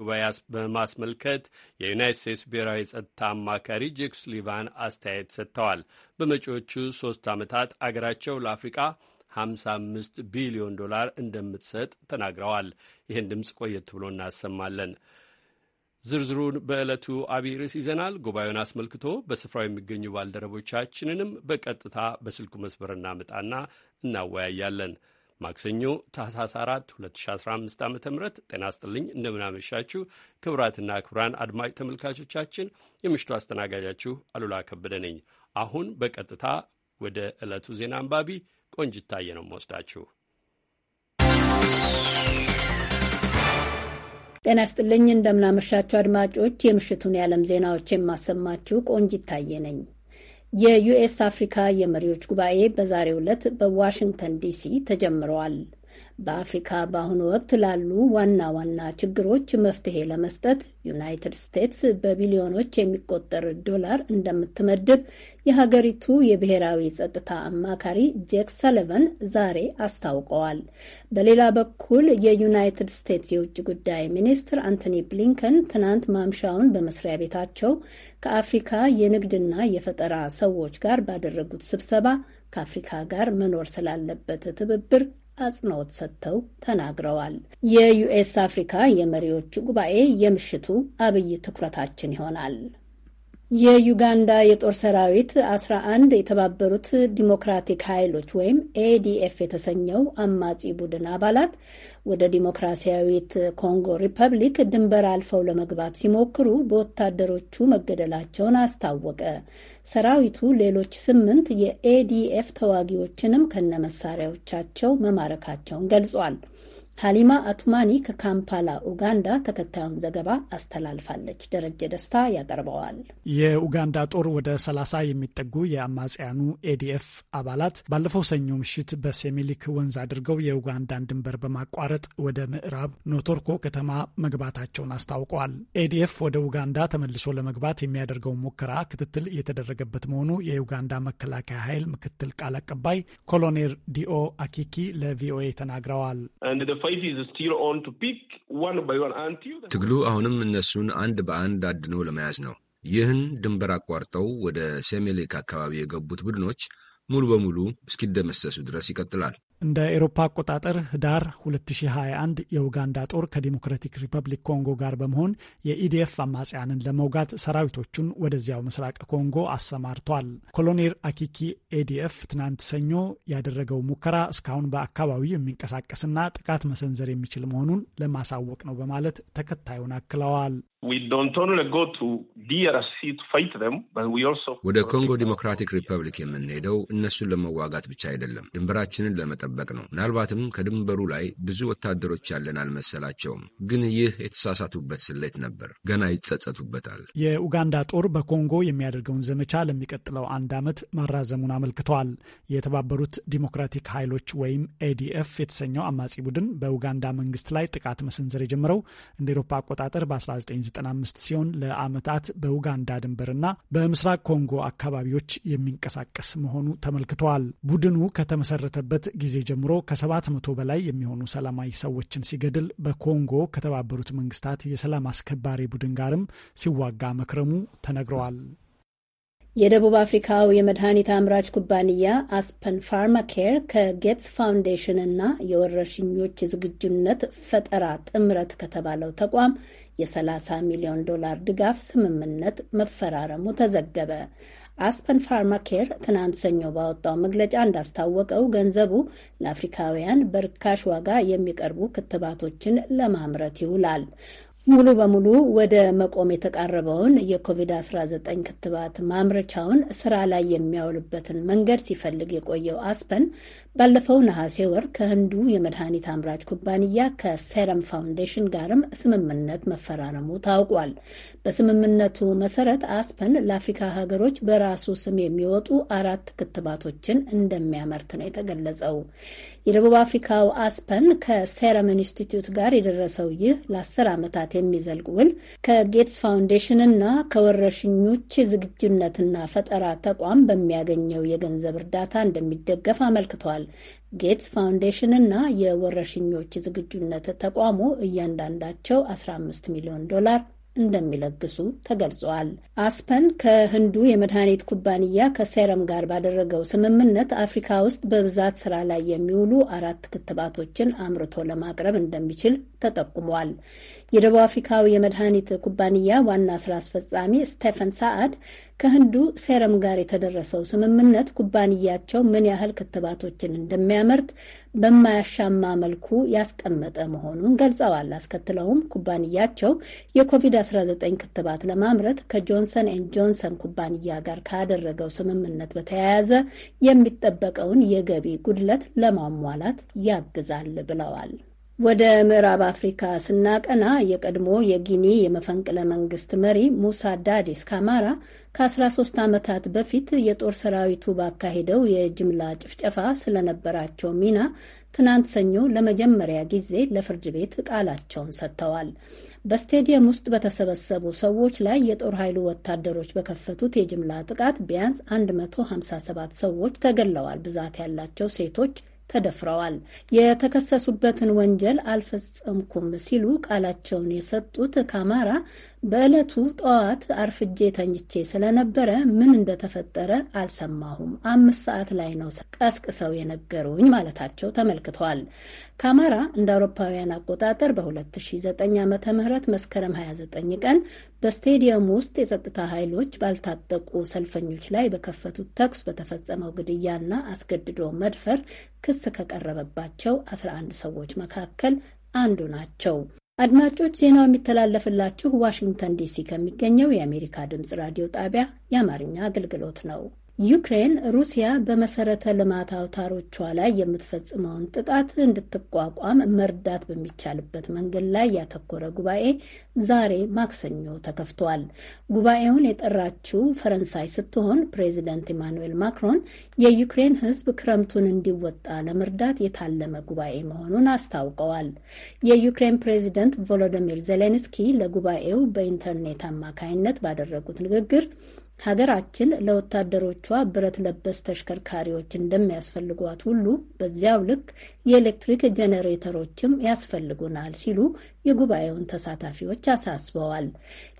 ጉባኤ በማስመልከት የዩናይት ስቴትስ ብሔራዊ ጸጥታ አማካሪ ጄክ ሱሊቫን አስተያየት ሰጥተዋል። በመጪዎቹ ሶስት ዓመታት አገራቸው ለአፍሪቃ 55 ቢሊዮን ዶላር እንደምትሰጥ ተናግረዋል። ይህን ድምፅ ቆየት ብሎ እናሰማለን። ዝርዝሩን በዕለቱ አብይ ርዕስ ይዘናል። ጉባኤውን አስመልክቶ በስፍራው የሚገኙ ባልደረቦቻችንንም በቀጥታ በስልኩ መስበር መጣና እናወያያለን። ማክሰኞ ታህሳስ 4 2015 ዓ ም ጤና ስጥልኝ እንደምናመሻችሁ ክቡራትና ክቡራን አድማጭ ተመልካቾቻችን የምሽቱ አስተናጋጃችሁ አሉላ ከበደ ነኝ። አሁን በቀጥታ ወደ ዕለቱ ዜና አንባቢ ቆንጅታየ ነው መወስዳችሁ። ጤና ስጥልኝ እንደምናመሻችሁ አድማጮች፣ የምሽቱን የዓለም ዜናዎች የማሰማችሁ ቆንጅታየ ነኝ። የዩኤስ አፍሪካ የመሪዎች ጉባኤ በዛሬው ዕለት በዋሽንግተን ዲሲ ተጀምረዋል። በአፍሪካ በአሁኑ ወቅት ላሉ ዋና ዋና ችግሮች መፍትሄ ለመስጠት ዩናይትድ ስቴትስ በቢሊዮኖች የሚቆጠር ዶላር እንደምትመድብ የሀገሪቱ የብሔራዊ ጸጥታ አማካሪ ጄክ ሰለቨን ዛሬ አስታውቀዋል። በሌላ በኩል የዩናይትድ ስቴትስ የውጭ ጉዳይ ሚኒስትር አንቶኒ ብሊንከን ትናንት ማምሻውን በመስሪያ ቤታቸው ከአፍሪካ የንግድና የፈጠራ ሰዎች ጋር ባደረጉት ስብሰባ ከአፍሪካ ጋር መኖር ስላለበት ትብብር አጽንኦት ሰጥተው ተናግረዋል። የዩኤስ አፍሪካ የመሪዎቹ ጉባኤ የምሽቱ አብይ ትኩረታችን ይሆናል። የዩጋንዳ የጦር ሰራዊት 11 የተባበሩት ዲሞክራቲክ ኃይሎች ወይም ኤዲኤፍ የተሰኘው አማጺ ቡድን አባላት ወደ ዲሞክራሲያዊት ኮንጎ ሪፐብሊክ ድንበር አልፈው ለመግባት ሲሞክሩ በወታደሮቹ መገደላቸውን አስታወቀ። ሰራዊቱ ሌሎች ስምንት የኤዲኤፍ ተዋጊዎችንም ከነመሳሪያዎቻቸው መማረካቸውን ገልጿል። ሀሊማ አቱማኒ ከካምፓላ ኡጋንዳ ተከታዩን ዘገባ አስተላልፋለች። ደረጀ ደስታ ያቀርበዋል። የኡጋንዳ ጦር ወደ ሰላሳ የሚጠጉ የአማጽያኑ ኤዲኤፍ አባላት ባለፈው ሰኞ ምሽት በሴሚሊክ ወንዝ አድርገው የኡጋንዳን ድንበር በማቋረጥ ወደ ምዕራብ ኖቶርኮ ከተማ መግባታቸውን አስታውቀዋል። ኤዲኤፍ ወደ ኡጋንዳ ተመልሶ ለመግባት የሚያደርገውን ሙከራ ክትትል እየተደረገበት መሆኑ የኡጋንዳ መከላከያ ኃይል ምክትል ቃል አቀባይ ኮሎኔል ዲኦ አኪኪ ለቪኦኤ ተናግረዋል። ትግሉ አሁንም እነሱን አንድ በአንድ አድኖ ለመያዝ ነው። ይህን ድንበር አቋርጠው ወደ ሴሜሌክ አካባቢ የገቡት ቡድኖች ሙሉ በሙሉ እስኪደመሰሱ ድረስ ይቀጥላል። እንደ ኤሮፓ አቆጣጠር ህዳር 2021 የኡጋንዳ ጦር ከዲሞክራቲክ ሪፐብሊክ ኮንጎ ጋር በመሆን የኢዲኤፍ አማጽያንን ለመውጋት ሰራዊቶቹን ወደዚያው ምስራቅ ኮንጎ አሰማርቷል። ኮሎኔል አኪኪ ኤዲኤፍ ትናንት ሰኞ ያደረገው ሙከራ እስካሁን በአካባቢው የሚንቀሳቀስና ጥቃት መሰንዘር የሚችል መሆኑን ለማሳወቅ ነው በማለት ተከታዩን አክለዋል። ወደ ኮንጎ ዲሞክራቲክ ሪፐብሊክ የምንሄደው እነሱን ለመዋጋት ብቻ አይደለም፣ ድንበራችንን ለመጠበቅ ነው። ምናልባትም ከድንበሩ ላይ ብዙ ወታደሮች ያለን አልመሰላቸውም። ግን ይህ የተሳሳቱበት ስሌት ነበር። ገና ይጸጸቱበታል። የኡጋንዳ ጦር በኮንጎ የሚያደርገውን ዘመቻ ለሚቀጥለው አንድ ዓመት ማራዘሙን አመልክተዋል። የተባበሩት ዲሞክራቲክ ኃይሎች ወይም ኤዲኤፍ የተሰኘው አማጺ ቡድን በኡጋንዳ መንግስት ላይ ጥቃት መሰንዘር የጀመረው እንደ ኤሮፓ አቆጣጠር በ19 95 ሲሆን ለዓመታት በኡጋንዳ ድንበርና በምስራቅ ኮንጎ አካባቢዎች የሚንቀሳቀስ መሆኑ ተመልክተዋል። ቡድኑ ከተመሰረተበት ጊዜ ጀምሮ ከ700 በላይ የሚሆኑ ሰላማዊ ሰዎችን ሲገድል በኮንጎ ከተባበሩት መንግስታት የሰላም አስከባሪ ቡድን ጋርም ሲዋጋ መክረሙ ተነግረዋል። የደቡብ አፍሪካው የመድኃኒት አምራች ኩባንያ አስፐን ፋርማኬር ከጌትስ ፋውንዴሽን እና የወረርሽኞች ዝግጁነት ፈጠራ ጥምረት ከተባለው ተቋም የ30 ሚሊዮን ዶላር ድጋፍ ስምምነት መፈራረሙ ተዘገበ። አስፐን ፋርማኬር ትናንት ሰኞ ባወጣው መግለጫ እንዳስታወቀው ገንዘቡ ለአፍሪካውያን በርካሽ ዋጋ የሚቀርቡ ክትባቶችን ለማምረት ይውላል። ሙሉ በሙሉ ወደ መቆም የተቃረበውን የኮቪድ-19 ክትባት ማምረቻውን ስራ ላይ የሚያውልበትን መንገድ ሲፈልግ የቆየው አስፐን ባለፈው ነሐሴ ወር ከህንዱ የመድኃኒት አምራች ኩባንያ ከሴረም ፋውንዴሽን ጋርም ስምምነት መፈራረሙ ታውቋል። በስምምነቱ መሰረት አስፐን ለአፍሪካ ሀገሮች በራሱ ስም የሚወጡ አራት ክትባቶችን እንደሚያመርት ነው የተገለጸው። የደቡብ አፍሪካው አስፐን ከሴረም ኢንስቲትዩት ጋር የደረሰው ይህ ለአስር ዓመታት የሚዘልቅ ውል ከጌትስ ፋውንዴሽንና ከወረርሽኞች ዝግጁነትና ፈጠራ ተቋም በሚያገኘው የገንዘብ እርዳታ እንደሚደገፍ አመልክቷል። ገልጸዋል። ጌትስ ፋውንዴሽንና የወረርሽኞች ዝግጁነት ተቋሙ እያንዳንዳቸው 15 ሚሊዮን ዶላር እንደሚለግሱ ተገልጿል። አስፐን ከህንዱ የመድኃኒት ኩባንያ ከሴረም ጋር ባደረገው ስምምነት አፍሪካ ውስጥ በብዛት ስራ ላይ የሚውሉ አራት ክትባቶችን አምርቶ ለማቅረብ እንደሚችል ተጠቁሟል። የደቡብ አፍሪካዊ የመድኃኒት ኩባንያ ዋና ስራ አስፈጻሚ ስቴፈን ሳአድ ከህንዱ ሴረም ጋር የተደረሰው ስምምነት ኩባንያቸው ምን ያህል ክትባቶችን እንደሚያመርት በማያሻማ መልኩ ያስቀመጠ መሆኑን ገልጸዋል። አስከትለውም ኩባንያቸው የኮቪድ-19 ክትባት ለማምረት ከጆንሰን ኤንድ ጆንሰን ኩባንያ ጋር ካደረገው ስምምነት በተያያዘ የሚጠበቀውን የገቢ ጉድለት ለማሟላት ያግዛል ብለዋል። ወደ ምዕራብ አፍሪካ ስናቀና የቀድሞ የጊኒ የመፈንቅለ መንግስት መሪ ሙሳ ዳዲስ ካማራ ከ13 ዓመታት በፊት የጦር ሰራዊቱ ባካሄደው የጅምላ ጭፍጨፋ ስለነበራቸው ሚና ትናንት ሰኞ ለመጀመሪያ ጊዜ ለፍርድ ቤት ቃላቸውን ሰጥተዋል። በስቴዲየም ውስጥ በተሰበሰቡ ሰዎች ላይ የጦር ኃይሉ ወታደሮች በከፈቱት የጅምላ ጥቃት ቢያንስ 157 ሰዎች ተገድለዋል። ብዛት ያላቸው ሴቶች ተደፍረዋል። የተከሰሱበትን ወንጀል አልፈጸምኩም ሲሉ ቃላቸውን የሰጡት ካማራ በዕለቱ ጠዋት አርፍጄ ተኝቼ ስለነበረ ምን እንደተፈጠረ አልሰማሁም። አምስት ሰዓት ላይ ነው ቀስቅሰው የነገሩኝ ማለታቸው ተመልክቷል። ካማራ እንደ አውሮፓውያን አቆጣጠር በ2009 ዓ ም መስከረም 29 ቀን በስቴዲየም ውስጥ የጸጥታ ኃይሎች ባልታጠቁ ሰልፈኞች ላይ በከፈቱት ተኩስ በተፈጸመው ግድያና አስገድዶ መድፈር ክስ ከቀረበባቸው 11 ሰዎች መካከል አንዱ ናቸው። አድማጮች ዜናው የሚተላለፍላችሁ ዋሽንግተን ዲሲ ከሚገኘው የአሜሪካ ድምፅ ራዲዮ ጣቢያ የአማርኛ አገልግሎት ነው። ዩክሬን ሩሲያ በመሰረተ ልማት አውታሮቿ ላይ የምትፈጽመውን ጥቃት እንድትቋቋም መርዳት በሚቻልበት መንገድ ላይ ያተኮረ ጉባኤ ዛሬ ማክሰኞ ተከፍቷል። ጉባኤውን የጠራችው ፈረንሳይ ስትሆን ፕሬዚደንት ኢማኑኤል ማክሮን የዩክሬን ሕዝብ ክረምቱን እንዲወጣ ለመርዳት የታለመ ጉባኤ መሆኑን አስታውቀዋል። የዩክሬን ፕሬዚደንት ቮሎዲሚር ዜሌንስኪ ለጉባኤው በኢንተርኔት አማካይነት ባደረጉት ንግግር ሀገራችን ለወታደሮቿ ብረት ለበስ ተሽከርካሪዎች እንደሚያስፈልጓት ሁሉ በዚያው ልክ የኤሌክትሪክ ጄኔሬተሮችም ያስፈልጉናል ሲሉ የጉባኤውን ተሳታፊዎች አሳስበዋል።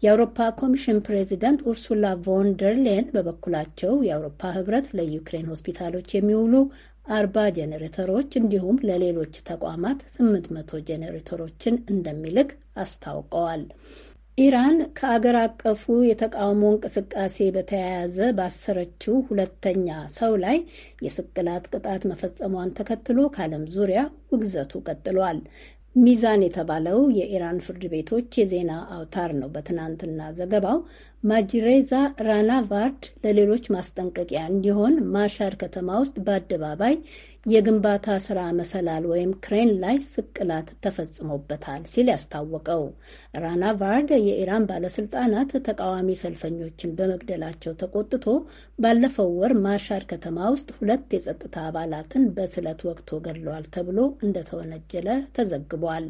የአውሮፓ ኮሚሽን ፕሬዚደንት ኡርሱላ ቮንደርሌን በበኩላቸው የአውሮፓ ህብረት ለዩክሬን ሆስፒታሎች የሚውሉ አርባ ጄኔሬተሮች እንዲሁም ለሌሎች ተቋማት ስምንት መቶ ጄኔሬተሮችን እንደሚልክ አስታውቀዋል። ኢራን ከአገር አቀፉ የተቃውሞ እንቅስቃሴ በተያያዘ ባሰረችው ሁለተኛ ሰው ላይ የስቅላት ቅጣት መፈጸሟን ተከትሎ ከዓለም ዙሪያ ውግዘቱ ቀጥሏል። ሚዛን የተባለው የኢራን ፍርድ ቤቶች የዜና አውታር ነው በትናንትና ዘገባው ማጅሬዛ ራናቫርድ ለሌሎች ማስጠንቀቂያ እንዲሆን ማሻር ከተማ ውስጥ በአደባባይ የግንባታ ስራ መሰላል ወይም ክሬን ላይ ስቅላት ተፈጽሞበታል ሲል ያስታወቀው ራና ቫርድ የኢራን ባለስልጣናት ተቃዋሚ ሰልፈኞችን በመግደላቸው ተቆጥቶ ባለፈው ወር ማርሻል ከተማ ውስጥ ሁለት የጸጥታ አባላትን በስለት ወቅቶ ገድለዋል ተብሎ እንደተወነጀለ ተዘግቧል።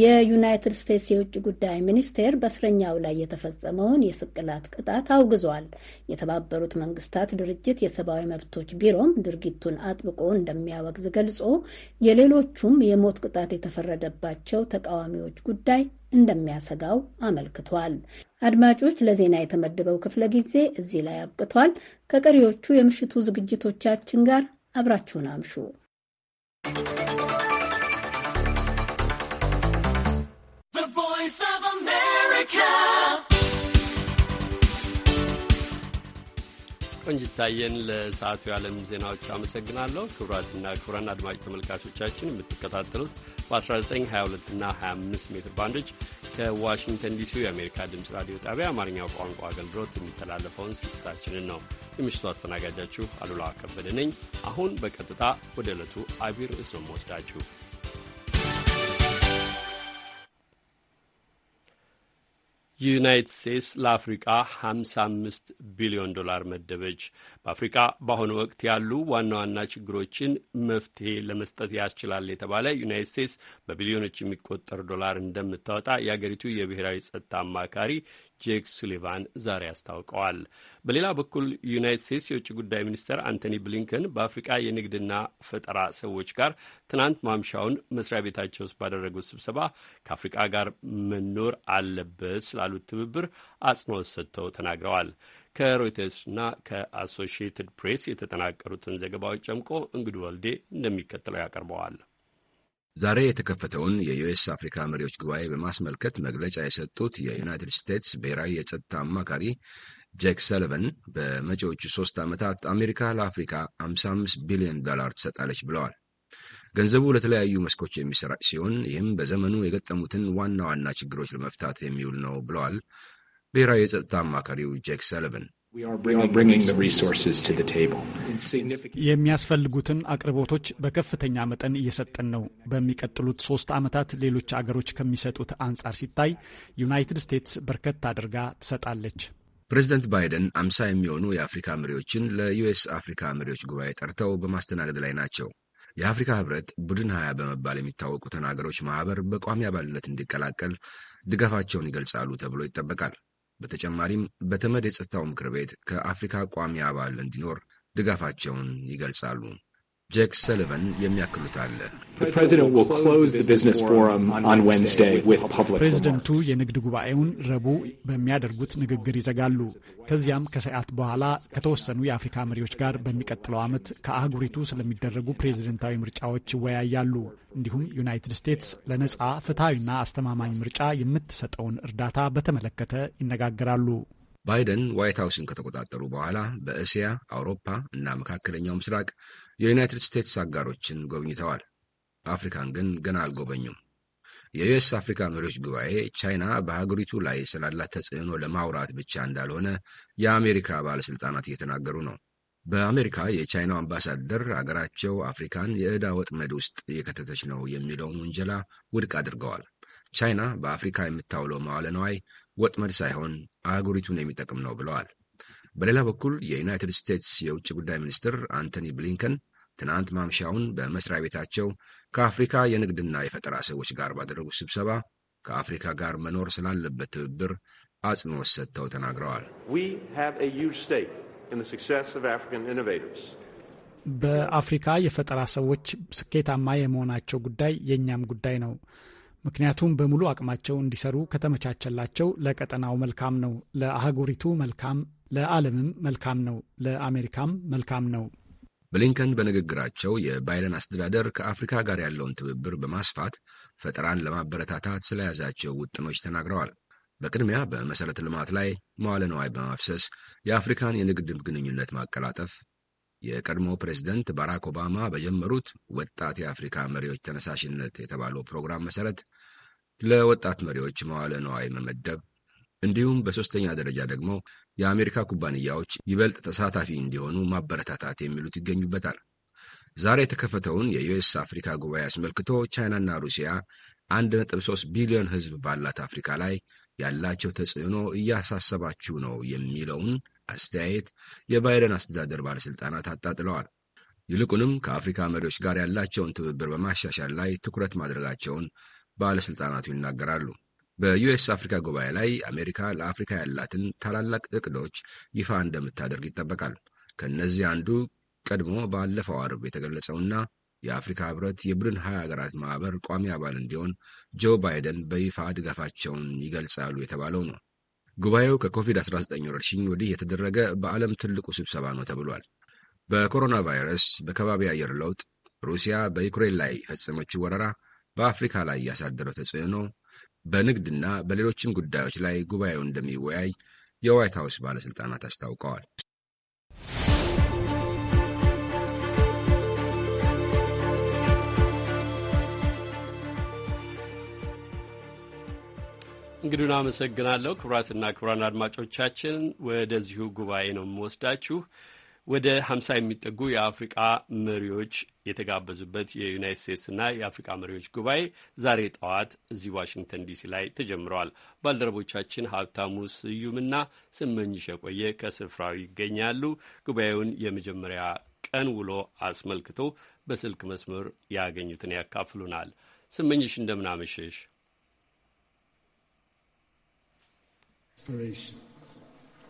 የዩናይትድ ስቴትስ የውጭ ጉዳይ ሚኒስቴር በእስረኛው ላይ የተፈጸመውን የስቅላት ቅጣት አውግዟል። የተባበሩት መንግስታት ድርጅት የሰብአዊ መብቶች ቢሮም ድርጊቱን አጥብቆ እንደሚያወግዝ ገልጾ የሌሎቹም የሞት ቅጣት የተፈረደባቸው ተቃዋሚዎች ጉዳይ እንደሚያሰጋው አመልክቷል። አድማጮች፣ ለዜና የተመደበው ክፍለ ጊዜ እዚህ ላይ አብቅቷል። ከቀሪዎቹ የምሽቱ ዝግጅቶቻችን ጋር አብራችሁን አምሹ። ቆንጅታየን ለሰዓቱ የዓለም ዜናዎች አመሰግናለሁ። ክቡራትና ክቡራን አድማጭ ተመልካቾቻችን የምትከታተሉት በ1922 እና 25 ሜትር ባንዶች ከዋሽንግተን ዲሲ የአሜሪካ ድምፅ ራዲዮ ጣቢያ አማርኛው ቋንቋ አገልግሎት የሚተላለፈውን ስርጭታችንን ነው። የምሽቱ አስተናጋጃችሁ አሉላ ከበደ ነኝ። አሁን በቀጥታ ወደ ዕለቱ አቢይ ርዕስ ነው ዩናይትድ ስቴትስ ለአፍሪቃ 55 ቢሊዮን ዶላር መደበች። በአፍሪቃ በአሁኑ ወቅት ያሉ ዋና ዋና ችግሮችን መፍትሄ ለመስጠት ያስችላል የተባለ ዩናይትድ ስቴትስ በቢሊዮኖች የሚቆጠር ዶላር እንደምታወጣ የአገሪቱ የብሔራዊ ጸጥታ አማካሪ ጄክ ሱሊቫን ዛሬ አስታውቀዋል። በሌላ በኩል ዩናይት ስቴትስ የውጭ ጉዳይ ሚኒስትር አንቶኒ ብሊንከን በአፍሪቃ የንግድና ፈጠራ ሰዎች ጋር ትናንት ማምሻውን መስሪያ ቤታቸው ውስጥ ባደረጉት ስብሰባ ከአፍሪቃ ጋር መኖር አለበት ስላሉት ትብብር አጽንኦት ሰጥተው ተናግረዋል። ከሮይተርስና ከአሶሺየትድ ፕሬስ የተጠናቀሩትን ዘገባዎች ጨምቆ እንግዱ ወልዴ እንደሚከተለው ያቀርበዋል። ዛሬ የተከፈተውን የዩኤስ አፍሪካ መሪዎች ጉባኤ በማስመልከት መግለጫ የሰጡት የዩናይትድ ስቴትስ ብሔራዊ የጸጥታ አማካሪ ጄክ ሰለቨን በመጪዎቹ ሶስት ዓመታት አሜሪካ ለአፍሪካ 55 ቢሊዮን ዶላር ትሰጣለች ብለዋል። ገንዘቡ ለተለያዩ መስኮች የሚሰራጭ ሲሆን ይህም በዘመኑ የገጠሙትን ዋና ዋና ችግሮች ለመፍታት የሚውል ነው ብለዋል ብሔራዊ የጸጥታ አማካሪው ጄክ ሰለቨን የሚያስፈልጉትን አቅርቦቶች በከፍተኛ መጠን እየሰጠን ነው። በሚቀጥሉት ሶስት ዓመታት ሌሎች አገሮች ከሚሰጡት አንጻር ሲታይ ዩናይትድ ስቴትስ በርከት አድርጋ ትሰጣለች። ፕሬዚደንት ባይደን አምሳ የሚሆኑ የአፍሪካ መሪዎችን ለዩኤስ አፍሪካ መሪዎች ጉባኤ ጠርተው በማስተናገድ ላይ ናቸው። የአፍሪካ ህብረት ቡድን ሀያ በመባል የሚታወቁትን አገሮች ማህበር በቋሚ አባልነት እንዲቀላቀል ድጋፋቸውን ይገልጻሉ ተብሎ ይጠበቃል። በተጨማሪም በተመድ የጸጥታው ምክር ቤት ከአፍሪካ ቋሚ አባል እንዲኖር ድጋፋቸውን ይገልጻሉ። ጄክ ሰሊቨን የሚያክሉት አለ። ፕሬዚደንቱ የንግድ ጉባኤውን ረቡዕ በሚያደርጉት ንግግር ይዘጋሉ። ከዚያም ከሰዓት በኋላ ከተወሰኑ የአፍሪካ መሪዎች ጋር በሚቀጥለው ዓመት ከአህጉሪቱ ስለሚደረጉ ፕሬዚደንታዊ ምርጫዎች ይወያያሉ። እንዲሁም ዩናይትድ ስቴትስ ለነፃ ፍትሐዊና አስተማማኝ ምርጫ የምትሰጠውን እርዳታ በተመለከተ ይነጋገራሉ። ባይደን ዋይት ሀውስን ከተቆጣጠሩ በኋላ በእስያ፣ አውሮፓ እና መካከለኛው ምስራቅ የዩናይትድ ስቴትስ አጋሮችን ጎብኝተዋል። አፍሪካን ግን ገና አልጎበኙም። የዩኤስ አፍሪካ መሪዎች ጉባኤ ቻይና በሀገሪቱ ላይ ስላላት ተጽዕኖ ለማውራት ብቻ እንዳልሆነ የአሜሪካ ባለሥልጣናት እየተናገሩ ነው። በአሜሪካ የቻይናው አምባሳደር አገራቸው አፍሪካን የዕዳ ወጥመድ ውስጥ እየከተተች ነው የሚለውን ውንጀላ ውድቅ አድርገዋል። ቻይና በአፍሪካ የምታውለው መዋለ ነዋይ ወጥመድ ሳይሆን አህጉሪቱን የሚጠቅም ነው ብለዋል። በሌላ በኩል የዩናይትድ ስቴትስ የውጭ ጉዳይ ሚኒስትር አንቶኒ ብሊንከን ትናንት ማምሻውን በመስሪያ ቤታቸው ከአፍሪካ የንግድና የፈጠራ ሰዎች ጋር ባደረጉት ስብሰባ ከአፍሪካ ጋር መኖር ስላለበት ትብብር አጽንኦት ሰጥተው ተናግረዋል። በአፍሪካ የፈጠራ ሰዎች ስኬታማ የመሆናቸው ጉዳይ የእኛም ጉዳይ ነው። ምክንያቱም በሙሉ አቅማቸው እንዲሰሩ ከተመቻቸላቸው ለቀጠናው መልካም ነው፣ ለአህጉሪቱ መልካም፣ ለዓለምም መልካም ነው፣ ለአሜሪካም መልካም ነው። ብሊንከን በንግግራቸው የባይደን አስተዳደር ከአፍሪካ ጋር ያለውን ትብብር በማስፋት ፈጠራን ለማበረታታት ስለያዛቸው ውጥኖች ተናግረዋል። በቅድሚያ በመሠረተ ልማት ላይ መዋለ ነዋይ በማፍሰስ የአፍሪካን የንግድ ግንኙነት ማቀላጠፍ የቀድሞ ፕሬዝደንት ባራክ ኦባማ በጀመሩት ወጣት የአፍሪካ መሪዎች ተነሳሽነት የተባለው ፕሮግራም መሰረት ለወጣት መሪዎች መዋለ ነዋይ መመደብ እንዲሁም በሦስተኛ ደረጃ ደግሞ የአሜሪካ ኩባንያዎች ይበልጥ ተሳታፊ እንዲሆኑ ማበረታታት የሚሉት ይገኙበታል። ዛሬ የተከፈተውን የዩኤስ አፍሪካ ጉባኤ አስመልክቶ ቻይናና ሩሲያ 1.3 ቢሊዮን ሕዝብ ባላት አፍሪካ ላይ ያላቸው ተጽዕኖ እያሳሰባችሁ ነው የሚለውን አስተያየት የባይደን አስተዳደር ባለሥልጣናት አጣጥለዋል። ይልቁንም ከአፍሪካ መሪዎች ጋር ያላቸውን ትብብር በማሻሻል ላይ ትኩረት ማድረጋቸውን ባለሥልጣናቱ ይናገራሉ። በዩኤስ አፍሪካ ጉባኤ ላይ አሜሪካ ለአፍሪካ ያላትን ታላላቅ እቅዶች ይፋ እንደምታደርግ ይጠበቃል። ከእነዚህ አንዱ ቀድሞ ባለፈው አርብ የተገለጸውና የአፍሪካ ህብረት የቡድን ሀያ ሀገራት ማህበር ቋሚ አባል እንዲሆን ጆ ባይደን በይፋ ድጋፋቸውን ይገልጻሉ የተባለው ነው። ጉባኤው ከኮቪድ-19 ወረርሽኝ ወዲህ የተደረገ በዓለም ትልቁ ስብሰባ ነው ተብሏል። በኮሮና ቫይረስ፣ በከባቢ አየር ለውጥ፣ ሩሲያ በዩክሬን ላይ የፈጸመችው ወረራ በአፍሪካ ላይ ያሳደረው ተጽዕኖ፣ በንግድና በሌሎችም ጉዳዮች ላይ ጉባኤው እንደሚወያይ የዋይት ሀውስ ባለሥልጣናት አስታውቀዋል። እንግዲሁን አመሰግናለሁ። ክቡራትና ክቡራን አድማጮቻችን ወደዚሁ ጉባኤ ነው የምወስዳችሁ። ወደ ሀምሳ የሚጠጉ የአፍሪቃ መሪዎች የተጋበዙበት የዩናይት ስቴትስና የአፍሪቃ መሪዎች ጉባኤ ዛሬ ጠዋት እዚህ ዋሽንግተን ዲሲ ላይ ተጀምረዋል። ባልደረቦቻችን ሀብታሙ ስዩምና ስመኝሽ የቆየ ከስፍራው ይገኛሉ። ጉባኤውን የመጀመሪያ ቀን ውሎ አስመልክቶ በስልክ መስመር ያገኙትን ያካፍሉናል። ስመኝሽ እንደምናመሸሽ aspirations,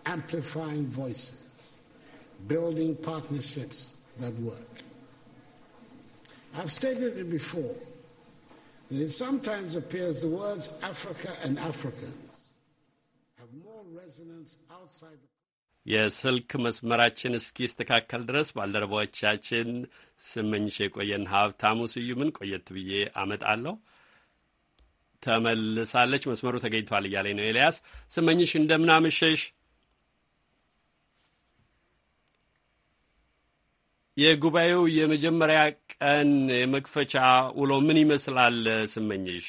amplifying voices, building partnerships that work. I've stated it before that it sometimes appears the words Africa and Africans have more resonance outside the የስልክ መስመራችን እስኪስተካከል ድረስ ባልደረቦቻችን ስምንሽ የቆየን ሀብታሙ ስዩምን ቆየት ብዬ አመጣለሁ። ተመልሳለች። መስመሩ ተገኝቷል እያለኝ ነው ኤልያስ ስመኝሽ፣ እንደምናመሸሽ። የጉባኤው የመጀመሪያ ቀን የመክፈቻ ውሎ ምን ይመስላል ስመኝሽ?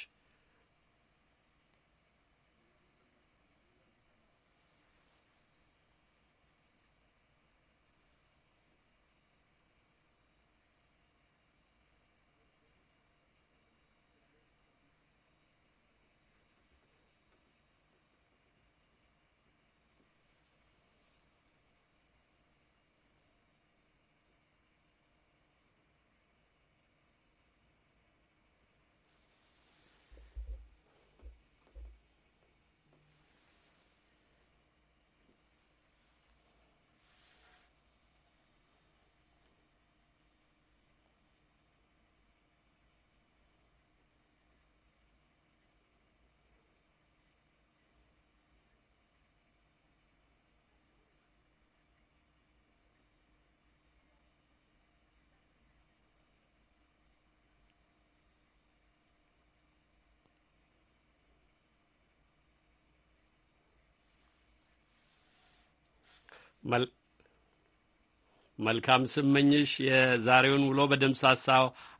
መልካም ስመኝሽ፣ የዛሬውን ውሎ በደምሳሳ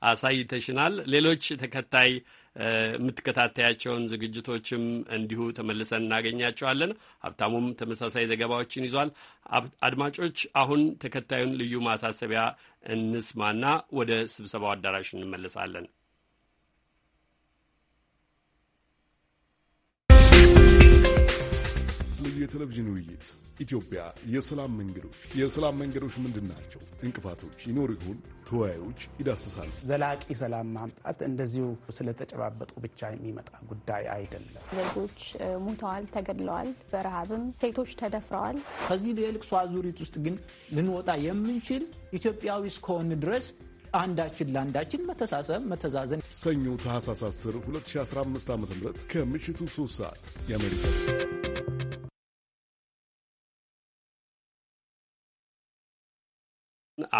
አሳይተሽናል። ሌሎች ተከታይ የምትከታተያቸውን ዝግጅቶችም እንዲሁ ተመልሰን እናገኛቸዋለን። ሀብታሙም ተመሳሳይ ዘገባዎችን ይዟል። አድማጮች፣ አሁን ተከታዩን ልዩ ማሳሰቢያ እንስማና ወደ ስብሰባው አዳራሽ እንመለሳለን። የቴሌቪዥን ውይይት ኢትዮጵያ የሰላም መንገዶች የሰላም መንገዶች ምንድን ናቸው? እንቅፋቶች ይኖር ይሆን? ተወያዮች ይዳስሳሉ። ዘላቂ ሰላም ማምጣት እንደዚሁ ስለተጨባበጡ ብቻ የሚመጣ ጉዳይ አይደለም። ዜጎች ሙተዋል፣ ተገድለዋል፣ በረሃብም ሴቶች ተደፍረዋል። ከዚህ የልቅሶ አዙሪት ውስጥ ግን ልንወጣ የምንችል ኢትዮጵያዊ እስከሆን ድረስ አንዳችን ለአንዳችን መተሳሰብ፣ መተዛዘን። ሰኞ ታህሳስ 10 2015 ዓ ም ከምሽቱ 3 ሰዓት የአሜሪካ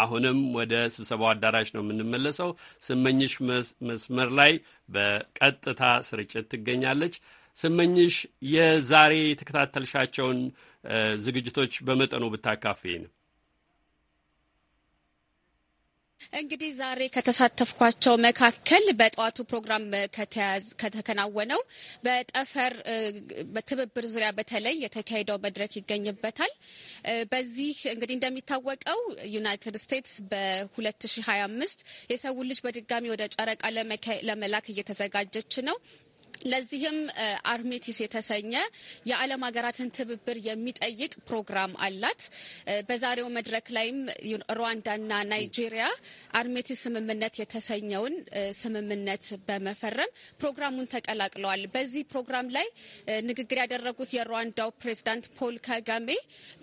አሁንም ወደ ስብሰባው አዳራሽ ነው የምንመለሰው። ስመኝሽ መስመር ላይ በቀጥታ ስርጭት ትገኛለች። ስመኝሽ፣ የዛሬ የተከታተልሻቸውን ዝግጅቶች በመጠኑ ነው። እንግዲህ ዛሬ ከተሳተፍኳቸው መካከል በጠዋቱ ፕሮግራም ከተከናወነው በጠፈር በትብብር ዙሪያ በተለይ የተካሄደው መድረክ ይገኝበታል። በዚህ እንግዲህ እንደሚታወቀው ዩናይትድ ስቴትስ በ2025 የሰውን ልጅ በድጋሚ ወደ ጨረቃ ለመላክ እየተዘጋጀች ነው። ለዚህም አርሜቲስ የተሰኘ የዓለም ሀገራትን ትብብር የሚጠይቅ ፕሮግራም አላት። በዛሬው መድረክ ላይም ሩዋንዳና ናይጄሪያ አርሜቲስ ስምምነት የተሰኘውን ስምምነት በመፈረም ፕሮግራሙን ተቀላቅለዋል። በዚህ ፕሮግራም ላይ ንግግር ያደረጉት የሩዋንዳው ፕሬዚዳንት ፖል ካጋሜ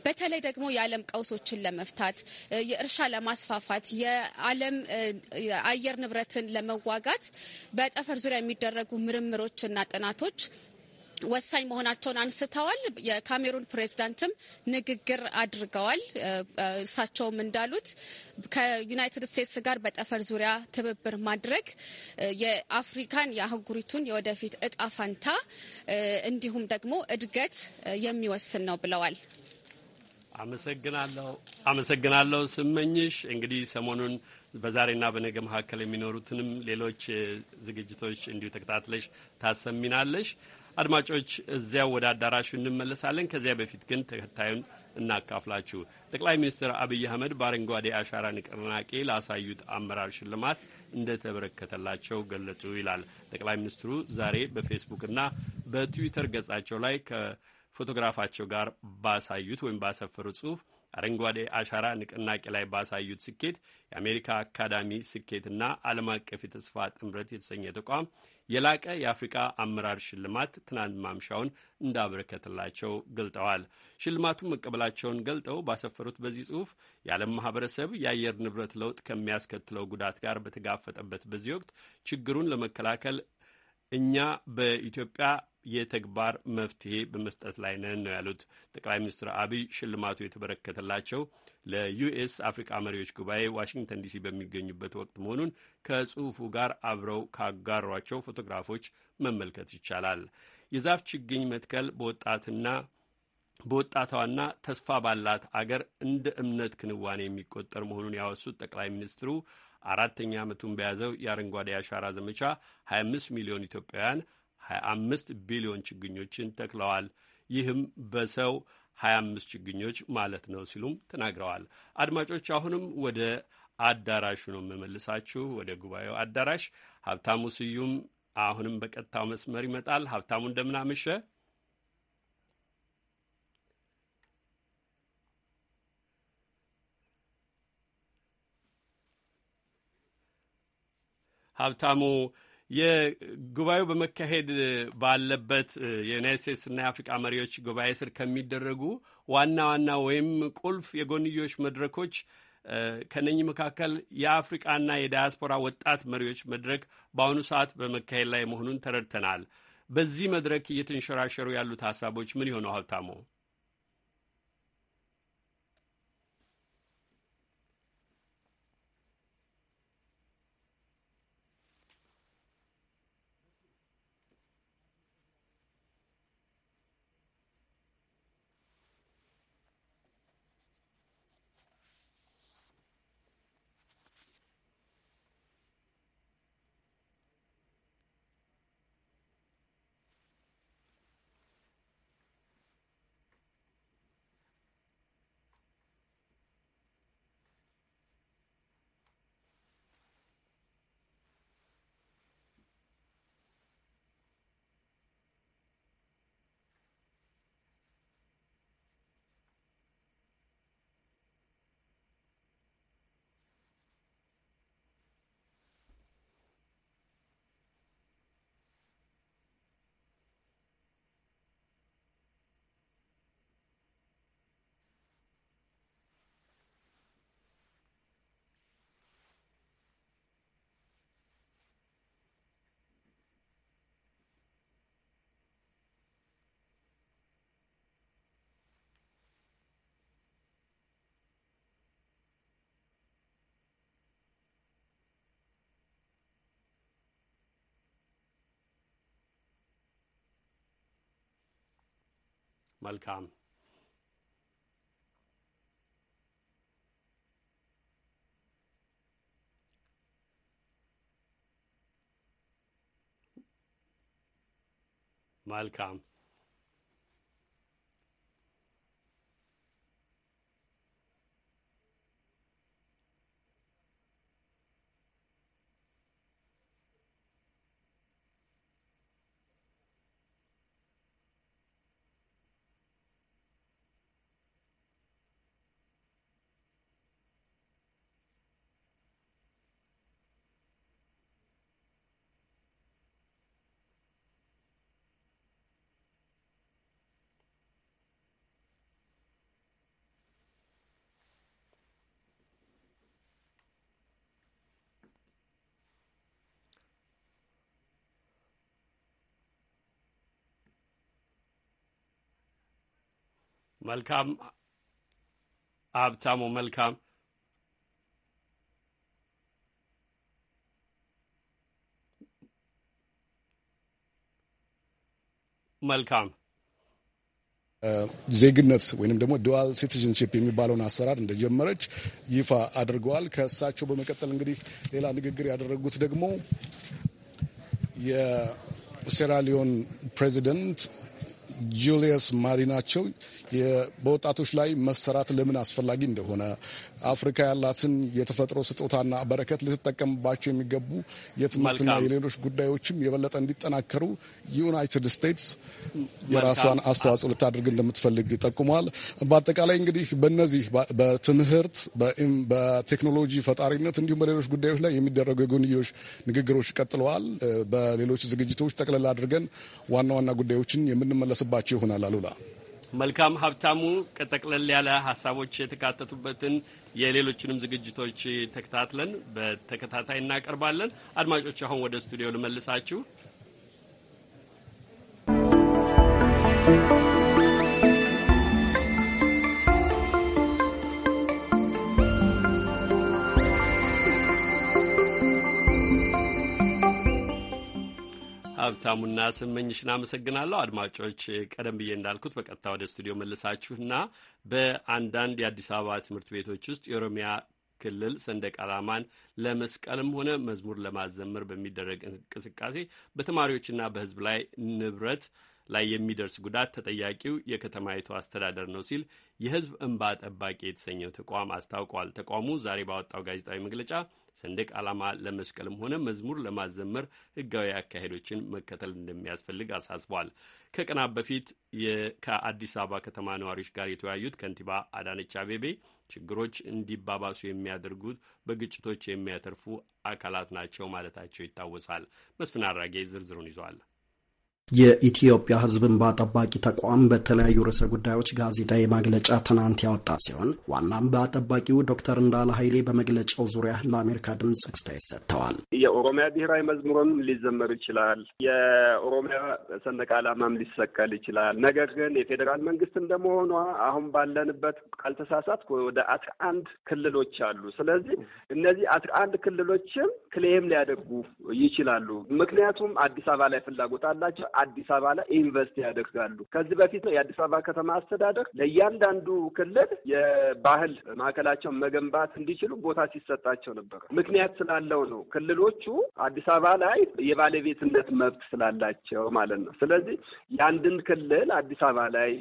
በተለይ ደግሞ የዓለም ቀውሶችን ለመፍታት የእርሻ ለማስፋፋት፣ የዓለም አየር ንብረትን ለመዋጋት በጠፈር ዙሪያ የሚደረጉ ምርምሮች ግኝቶችና ጥናቶች ወሳኝ መሆናቸውን አንስተዋል። የካሜሩን ፕሬዝዳንትም ንግግር አድርገዋል። እሳቸውም እንዳሉት ከዩናይትድ ስቴትስ ጋር በጠፈር ዙሪያ ትብብር ማድረግ የአፍሪካን የአህጉሪቱን የወደፊት እጣ እንዲሁም ደግሞ እድገት የሚወስን ነው ብለዋል። አመሰግናለሁ። አመሰግናለሁ ስመኝሽ። እንግዲህ ሰሞኑን በዛሬና በነገ መካከል የሚኖሩትንም ሌሎች ዝግጅቶች እንዲሁ ተከታትለሽ ታሰሚናለሽ። አድማጮች እዚያው ወደ አዳራሹ እንመለሳለን። ከዚያ በፊት ግን ተከታዩን እናካፍላችሁ። ጠቅላይ ሚኒስትር አብይ አህመድ በአረንጓዴ አሻራ ንቅናቄ ላሳዩት አመራር ሽልማት እንደተበረከተላቸው ገለጹ ይላል። ጠቅላይ ሚኒስትሩ ዛሬ በፌስቡክና በትዊተር ገጻቸው ላይ ከፎቶግራፋቸው ጋር ባሳዩት ወይም ባሰፈሩ ጽሁፍ አረንጓዴ አሻራ ንቅናቄ ላይ ባሳዩት ስኬት የአሜሪካ አካዳሚ ስኬትና ዓለም አቀፍ የተስፋ ጥምረት የተሰኘ ተቋም የላቀ የአፍሪካ አመራር ሽልማት ትናንት ማምሻውን እንዳበረከትላቸው ገልጠዋል። ሽልማቱን መቀበላቸውን ገልጠው ባሰፈሩት በዚህ ጽሁፍ የዓለም ማህበረሰብ የአየር ንብረት ለውጥ ከሚያስከትለው ጉዳት ጋር በተጋፈጠበት በዚህ ወቅት ችግሩን ለመከላከል እኛ በኢትዮጵያ የተግባር መፍትሄ በመስጠት ላይ ነን ነው ያሉት ጠቅላይ ሚኒስትር አብይ ሽልማቱ የተበረከተላቸው ለዩኤስ አፍሪካ መሪዎች ጉባኤ ዋሽንግተን ዲሲ በሚገኙበት ወቅት መሆኑን ከጽሑፉ ጋር አብረው ካጋሯቸው ፎቶግራፎች መመልከት ይቻላል። የዛፍ ችግኝ መትከል በወጣትና በወጣቷና ተስፋ ባላት አገር እንደ እምነት ክንዋኔ የሚቆጠር መሆኑን ያወሱት ጠቅላይ ሚኒስትሩ አራተኛ ዓመቱን በያዘው የአረንጓዴ አሻራ ዘመቻ 25 ሚሊዮን ኢትዮጵያውያን 25 ቢሊዮን ችግኞችን ተክለዋል። ይህም በሰው 25 ችግኞች ማለት ነው ሲሉም ተናግረዋል። አድማጮች አሁንም ወደ አዳራሹ ነው የምመልሳችሁ፣ ወደ ጉባኤው አዳራሽ። ሀብታሙ ስዩም አሁንም በቀጥታው መስመር ይመጣል። ሀብታሙ እንደምናመሸ ሀብታሙ የጉባኤው በመካሄድ ባለበት የዩናይት ስቴትስና የአፍሪቃ መሪዎች ጉባኤ ስር ከሚደረጉ ዋና ዋና ወይም ቁልፍ የጎንዮሽ መድረኮች ከነኚህ መካከል የአፍሪቃና የዳያስፖራ ወጣት መሪዎች መድረክ በአሁኑ ሰዓት በመካሄድ ላይ መሆኑን ተረድተናል። በዚህ መድረክ እየተንሸራሸሩ ያሉት ሀሳቦች ምን የሆነው ሀብታሙ? መልካም መልካም መልካም ሀብታሙ መልካም መልካም ዜግነት ወይንም ደግሞ ዱዋል ሲቲዝንሽፕ የሚባለውን አሰራር እንደጀመረች ይፋ አድርገዋል። ከእሳቸው በመቀጠል እንግዲህ ሌላ ንግግር ያደረጉት ደግሞ የሴራሊዮን ፕሬዚደንት ጁሊየስ ማሪ ናቸው። በወጣቶች ላይ መሰራት ለምን አስፈላጊ እንደሆነ አፍሪካ ያላትን የተፈጥሮ ስጦታና በረከት ልትጠቀምባቸው የሚገቡ የትምህርትና የሌሎች ጉዳዮችም የበለጠ እንዲጠናከሩ ዩናይትድ ስቴትስ የራሷን አስተዋጽኦ ልታደርግ እንደምትፈልግ ጠቁሟል። በአጠቃላይ እንግዲህ በነዚህ በትምህርት በቴክኖሎጂ ፈጣሪነት እንዲሁም በሌሎች ጉዳዮች ላይ የሚደረጉ የጎንዮሽ ንግግሮች ቀጥለዋል። በሌሎች ዝግጅቶች ጠቅለል አድርገን ዋና ዋና ጉዳዮችን የምንመለስበት ይደርስባቸው ይሆናል። አሉላ መልካም ሀብታሙ ጠቅለል ያለ ሀሳቦች የተካተቱበትን የሌሎችንም ዝግጅቶች ተከታትለን በተከታታይ እናቀርባለን። አድማጮች አሁን ወደ ስቱዲዮ ልመልሳችሁ። ሀብታሙና ስመኝሽን አመሰግናለሁ። አድማጮች ቀደም ብዬ እንዳልኩት በቀጥታ ወደ ስቱዲዮ መልሳችሁና በአንዳንድ የአዲስ አበባ ትምህርት ቤቶች ውስጥ የኦሮሚያ ክልል ሰንደቅ ዓላማን ለመስቀልም ሆነ መዝሙር ለማዘመር በሚደረግ እንቅስቃሴ በተማሪዎችና በሕዝብ ላይ ንብረት ላይ የሚደርስ ጉዳት ተጠያቂው የከተማይቱ አስተዳደር ነው ሲል የህዝብ እንባ ጠባቂ የተሰኘው ተቋም አስታውቋል። ተቋሙ ዛሬ ባወጣው ጋዜጣዊ መግለጫ ሰንደቅ ዓላማ ለመስቀልም ሆነ መዝሙር ለማዘመር ህጋዊ አካሄዶችን መከተል እንደሚያስፈልግ አሳስቧል። ከቀናት በፊት ከአዲስ አበባ ከተማ ነዋሪዎች ጋር የተወያዩት ከንቲባ አዳነች አቤቤ ችግሮች እንዲባባሱ የሚያደርጉት በግጭቶች የሚያተርፉ አካላት ናቸው ማለታቸው ይታወሳል። መስፍን አራጌ ዝርዝሩን ይዟል። የኢትዮጵያ ሕዝብ እንባ ጠባቂ ተቋም በተለያዩ ርዕሰ ጉዳዮች ጋዜጣዊ መግለጫ ትናንት ያወጣ ሲሆን ዋና እንባ ጠባቂው ዶክተር እንዳለ ኃይሌ በመግለጫው ዙሪያ ለአሜሪካ ድምፅ አስተያየት ሰጥተዋል። የኦሮሚያ ብሔራዊ መዝሙርም ሊዘመር ይችላል። የኦሮሚያ ሰንደቅ ዓላማም ሊሰቀል ይችላል። ነገር ግን የፌዴራል መንግስት እንደመሆኗ አሁን ባለንበት ካልተሳሳት ወደ አስራ አንድ ክልሎች አሉ። ስለዚህ እነዚህ አስራ አንድ ክልሎችም ክሌም ሊያደርጉ ይችላሉ። ምክንያቱም አዲስ አበባ ላይ ፍላጎት አላቸው አዲስ አበባ ላይ ኢንቨስት ያደርጋሉ። ከዚህ በፊት ነው የአዲስ አበባ ከተማ አስተዳደር ለእያንዳንዱ ክልል የባህል ማዕከላቸውን መገንባት እንዲችሉ ቦታ ሲሰጣቸው ነበር። ምክንያት ስላለው ነው ክልሎቹ አዲስ አበባ ላይ የባለቤትነት መብት ስላላቸው ማለት ነው። ስለዚህ የአንድን ክልል አዲስ አበባ ላይ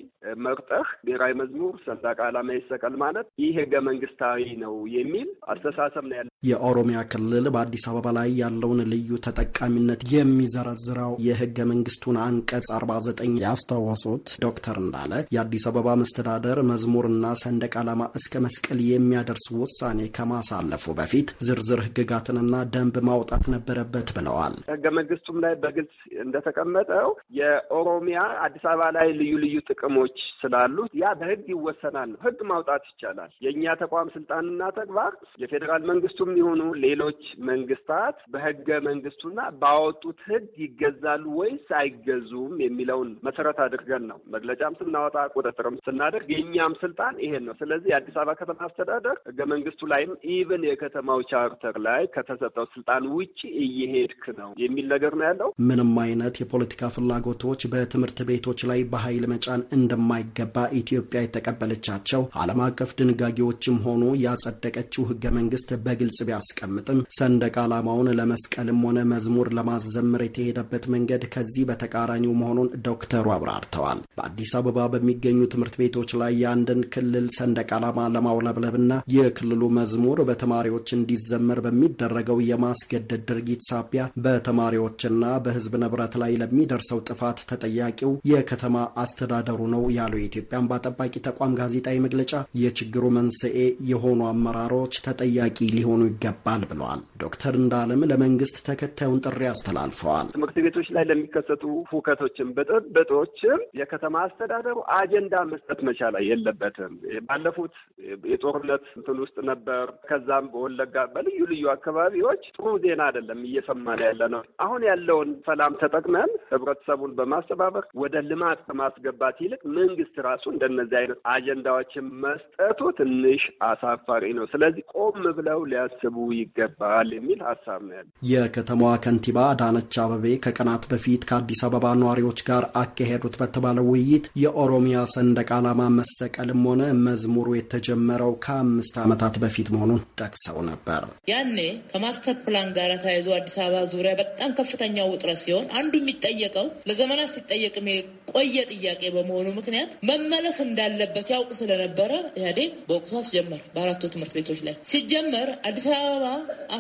መርጠህ ብሔራዊ መዝሙር፣ ሰንደቅ ዓላማ ይሰቀል ማለት ይህ ህገ መንግስታዊ ነው የሚል አስተሳሰብ ነው ያለ። የኦሮሚያ ክልል በአዲስ አበባ ላይ ያለውን ልዩ ተጠቃሚነት የሚዘረዝረው የህገ መንግስቱ ሶስቱን አንቀጽ 49 ያስታወሱት ዶክተር እንዳለ የአዲስ አበባ መስተዳደር መዝሙርና ሰንደቅ ዓላማ እስከ መስቀል የሚያደርስ ውሳኔ ከማሳለፉ በፊት ዝርዝር ህግጋትንና ደንብ ማውጣት ነበረበት ብለዋል። ህገ መንግስቱም ላይ በግልጽ እንደተቀመጠው የኦሮሚያ አዲስ አበባ ላይ ልዩ ልዩ ጥቅሞች ስላሉት ያ በህግ ይወሰናል ነው። ህግ ማውጣት ይቻላል። የእኛ ተቋም ስልጣንና ተግባር የፌዴራል መንግስቱም የሆኑ ሌሎች መንግስታት በህገ መንግስቱና ባወጡት ህግ ይገዛሉ ወይስ አይ አይገዙም የሚለውን መሰረት አድርገን ነው መግለጫም ስናወጣ ቁጥጥርም ስናደርግ የእኛም ስልጣን ይሄን ነው። ስለዚህ የአዲስ አበባ ከተማ አስተዳደር ህገ መንግስቱ ላይም ኢቨን የከተማው ቻርተር ላይ ከተሰጠው ስልጣን ውጭ እየሄድክ ነው የሚል ነገር ነው ያለው። ምንም አይነት የፖለቲካ ፍላጎቶች በትምህርት ቤቶች ላይ በኃይል መጫን እንደማይገባ ኢትዮጵያ የተቀበለቻቸው ዓለም አቀፍ ድንጋጌዎችም ሆኖ ያጸደቀችው ህገ መንግስት በግልጽ ቢያስቀምጥም ሰንደቅ ዓላማውን ለመስቀልም ሆነ መዝሙር ለማዘመር የተሄደበት መንገድ ከዚህ በተ ተቃራኒው መሆኑን ዶክተሩ አብራርተዋል። በአዲስ አበባ በሚገኙ ትምህርት ቤቶች ላይ የአንድን ክልል ሰንደቅ ዓላማ ለማውለብለብና የክልሉ መዝሙር በተማሪዎች እንዲዘመር በሚደረገው የማስገደድ ድርጊት ሳቢያ በተማሪዎችና በሕዝብ ንብረት ላይ ለሚደርሰው ጥፋት ተጠያቂው የከተማ አስተዳደሩ ነው ያሉ የኢትዮጵያ እንባ ጠባቂ ተቋም ጋዜጣዊ መግለጫ የችግሩ መንስኤ የሆኑ አመራሮች ተጠያቂ ሊሆኑ ይገባል ብለዋል። ዶክተር እንዳለም ለመንግስት ተከታዩን ጥሪ አስተላልፈዋል። ትምህርት ቤቶች ላይ ለሚከሰቱ ሁከቶችን፣ ብጥብጦችም የከተማ አስተዳደሩ አጀንዳ መስጠት መቻል የለበትም። ባለፉት የጦርነት እንትን ውስጥ ነበር። ከዛም በወለጋ በልዩ ልዩ አካባቢዎች ጥሩ ዜና አይደለም እየሰማን ያለ ነው። አሁን ያለውን ሰላም ተጠቅመን ህብረተሰቡን በማስተባበር ወደ ልማት ከማስገባት ይልቅ መንግስት ራሱ እንደነዚህ አይነት አጀንዳዎችን መስጠቱ ትንሽ አሳፋሪ ነው። ስለዚህ ቆም ብለው ሊያስቡ ይገባል የሚል ሀሳብ ነው ያለ የከተማዋ ከንቲባ አዳነች አበቤ ከቀናት በፊት ከአዲስ ከአዲስ አበባ ነዋሪዎች ጋር አካሄዱት በተባለው ውይይት የኦሮሚያ ሰንደቅ ዓላማ መሰቀልም ሆነ መዝሙሩ የተጀመረው ከአምስት ዓመታት በፊት መሆኑን ጠቅሰው ነበር። ያኔ ከማስተር ፕላን ጋር ተያይዞ አዲስ አበባ ዙሪያ በጣም ከፍተኛ ውጥረት ሲሆን አንዱ የሚጠየቀው ለዘመናት ሲጠየቅም የቆየ ጥያቄ በመሆኑ ምክንያት መመለስ እንዳለበት ያውቅ ስለነበረ ኢህአዴግ በወቅቱ አስጀመር በአራቱ ትምህርት ቤቶች ላይ ሲጀመር አዲስ አበባ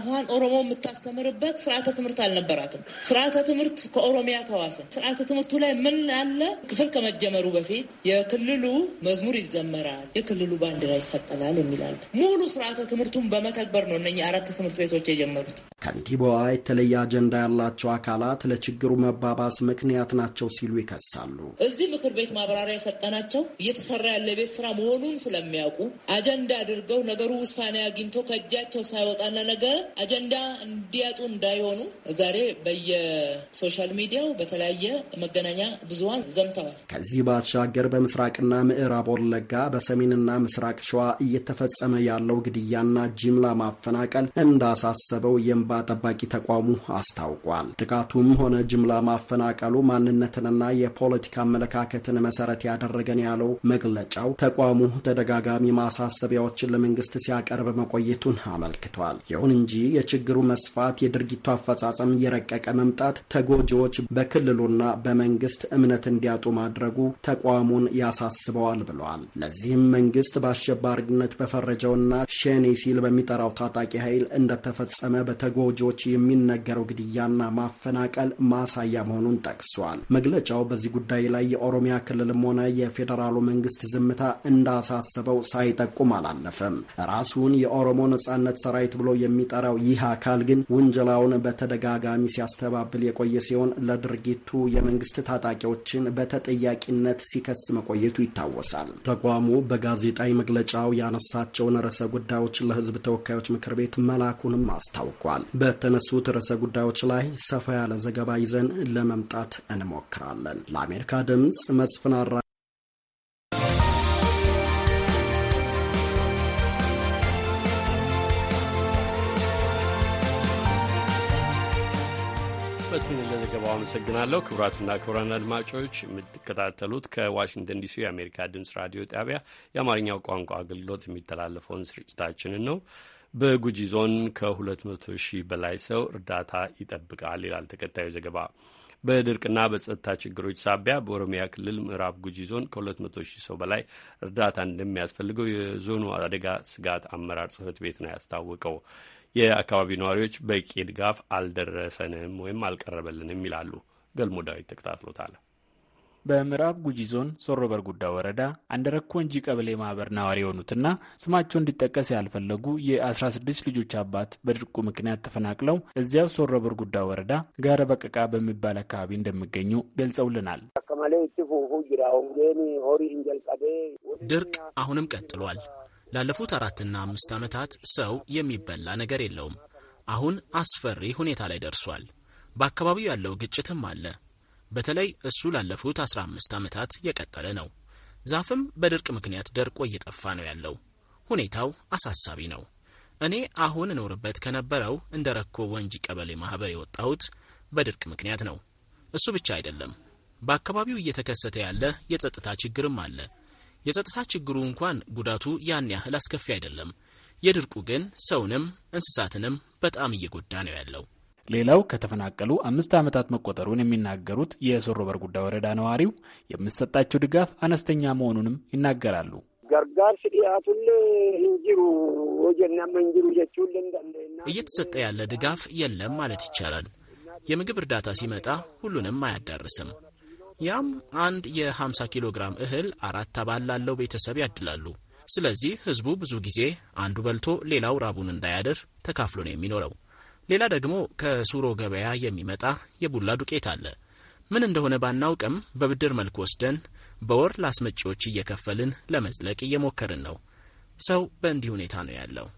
አፋን ኦሮሞ የምታስተምርበት ስርዓተ ትምህርት አልነበራትም። ስርዓተ ትምህርት ከኦሮሚያ ተዋ ባሰ። ስርዓተ ትምህርቱ ላይ ምን አለ? ክፍል ከመጀመሩ በፊት የክልሉ መዝሙር ይዘመራል፣ የክልሉ ባንዲራ ይሰቀላል የሚላል ሙሉ ስርዓተ ትምህርቱን በመተግበር ነው እነኚህ አራት ትምህርት ቤቶች የጀመሩት። ከንቲባዋ የተለየ አጀንዳ ያላቸው አካላት ለችግሩ መባባስ ምክንያት ናቸው ሲሉ ይከሳሉ። እዚህ ምክር ቤት ማብራሪያ የሰጠናቸው እየተሰራ ያለ ቤት ስራ መሆኑን ስለሚያውቁ አጀንዳ አድርገው ነገሩ ውሳኔ አግኝቶ ከእጃቸው ሳይወጣና ነገ አጀንዳ እንዲያጡ እንዳይሆኑ ዛሬ በየሶሻል ሚዲያው በተ በተለያየ መገናኛ ብዙዋን ዘምተዋል። ከዚህ ባሻገር በምስራቅና ምዕራብ ወለጋ በሰሜንና ምስራቅ ሸዋ እየተፈጸመ ያለው ግድያና ጅምላ ማፈናቀል እንዳሳሰበው የእንባ ጠባቂ ተቋሙ አስታውቋል። ጥቃቱም ሆነ ጅምላ ማፈናቀሉ ማንነትንና የፖለቲካ አመለካከትን መሰረት ያደረገን ያለው መግለጫው ተቋሙ ተደጋጋሚ ማሳሰቢያዎችን ለመንግስት ሲያቀርብ መቆየቱን አመልክቷል። ይሁን እንጂ የችግሩ መስፋት፣ የድርጊቱ አፈጻጸም የረቀቀ መምጣት ተጎጂዎች በክል በክልሉና በመንግስት እምነት እንዲያጡ ማድረጉ ተቋሙን ያሳስበዋል ብለዋል። ለዚህም መንግስት በአሸባሪነት በፈረጀውና ሸኔ ሲል በሚጠራው ታጣቂ ኃይል እንደተፈጸመ በተጎጂዎች የሚነገረው ግድያና ማፈናቀል ማሳያ መሆኑን ጠቅሷል። መግለጫው በዚህ ጉዳይ ላይ የኦሮሚያ ክልልም ሆነ የፌዴራሉ መንግስት ዝምታ እንዳሳስበው ሳይጠቁም አላለፈም። ራሱን የኦሮሞ ነጻነት ሰራዊት ብሎ የሚጠራው ይህ አካል ግን ውንጀላውን በተደጋጋሚ ሲያስተባብል የቆየ ሲሆን ለድርጊት ድርጅቱ የመንግስት ታጣቂዎችን በተጠያቂነት ሲከስ መቆየቱ ይታወሳል። ተቋሙ በጋዜጣዊ መግለጫው ያነሳቸውን ርዕሰ ጉዳዮች ለህዝብ ተወካዮች ምክር ቤት መላኩንም አስታውቋል። በተነሱት ርዕሰ ጉዳዮች ላይ ሰፋ ያለ ዘገባ ይዘን ለመምጣት እንሞክራለን። ለአሜሪካ ድምጽ መስፍን አራ አመሰግናለሁ። ክቡራትና ክቡራን አድማጮች የምትከታተሉት ከዋሽንግተን ዲሲ የአሜሪካ ድምፅ ራዲዮ ጣቢያ የአማርኛው ቋንቋ አገልግሎት የሚተላለፈውን ስርጭታችንን ነው። በጉጂ ዞን ከ200 ሺህ በላይ ሰው እርዳታ ይጠብቃል ይላል ተከታዩ ዘገባ። በድርቅና በጸጥታ ችግሮች ሳቢያ በኦሮሚያ ክልል ምዕራብ ጉጂ ዞን ከ200 ሺህ ሰው በላይ እርዳታ እንደሚያስፈልገው የዞኑ አደጋ ስጋት አመራር ጽህፈት ቤት ነው ያስታወቀው። የአካባቢው ነዋሪዎች በቂ ድጋፍ አልደረሰንም ወይም አልቀረበልንም ይላሉ። ገልሞ ዳዊት ተከታትሎታል። በምዕራብ ጉጂ ዞን ሶሮ በርጉዳ ወረዳ አንደረኮ እንጂ ቀበሌ ማህበር ነዋሪ የሆኑትና ስማቸው እንዲጠቀስ ያልፈለጉ የ16 ልጆች አባት በድርቁ ምክንያት ተፈናቅለው እዚያው ሶሮ በርጉዳ ወረዳ ጋረ በቀቃ በሚባል አካባቢ እንደሚገኙ ገልጸውልናል። ድርቅ አሁንም ቀጥሏል። ላለፉት አራትና አምስት ዓመታት ሰው የሚበላ ነገር የለውም። አሁን አስፈሪ ሁኔታ ላይ ደርሷል። በአካባቢው ያለው ግጭትም አለ። በተለይ እሱ ላለፉት አምስት ዓመታት የቀጠለ ነው። ዛፍም በድርቅ ምክንያት ደርቆ እየጠፋ ነው ያለው። ሁኔታው አሳሳቢ ነው። እኔ አሁን እኖርበት ከነበረው እንደ ረኮ ወንጂ ቀበሌ ማህበር የወጣሁት በድርቅ ምክንያት ነው። እሱ ብቻ አይደለም፣ በአካባቢው እየተከሰተ ያለ የጸጥታ ችግርም አለ። የጸጥታ ችግሩ እንኳን ጉዳቱ ያን ያህል አስከፊ አይደለም። የድርቁ ግን ሰውንም እንስሳትንም በጣም እየጎዳ ነው ያለው። ሌላው ከተፈናቀሉ አምስት ዓመታት መቆጠሩን የሚናገሩት የሶሮ በርጉዳ ወረዳ ነዋሪው የምሰጣቸው ድጋፍ አነስተኛ መሆኑንም ይናገራሉ። እየተሰጠ ያለ ድጋፍ የለም ማለት ይቻላል። የምግብ እርዳታ ሲመጣ ሁሉንም አያዳርስም። ያም አንድ የ50 ኪሎ ግራም እህል አራት አባል ላለው ቤተሰብ ያድላሉ። ስለዚህ ህዝቡ ብዙ ጊዜ አንዱ በልቶ ሌላው ራቡን እንዳያድር ተካፍሎ ነው የሚኖረው። ሌላ ደግሞ ከሱሮ ገበያ የሚመጣ የቡላ ዱቄት አለ። ምን እንደሆነ ባናውቅም በብድር መልክ ወስደን በወር ላስመጪዎች እየከፈልን ለመዝለቅ እየሞከርን ነው። ሰው በእንዲህ ሁኔታ ነው ያለው።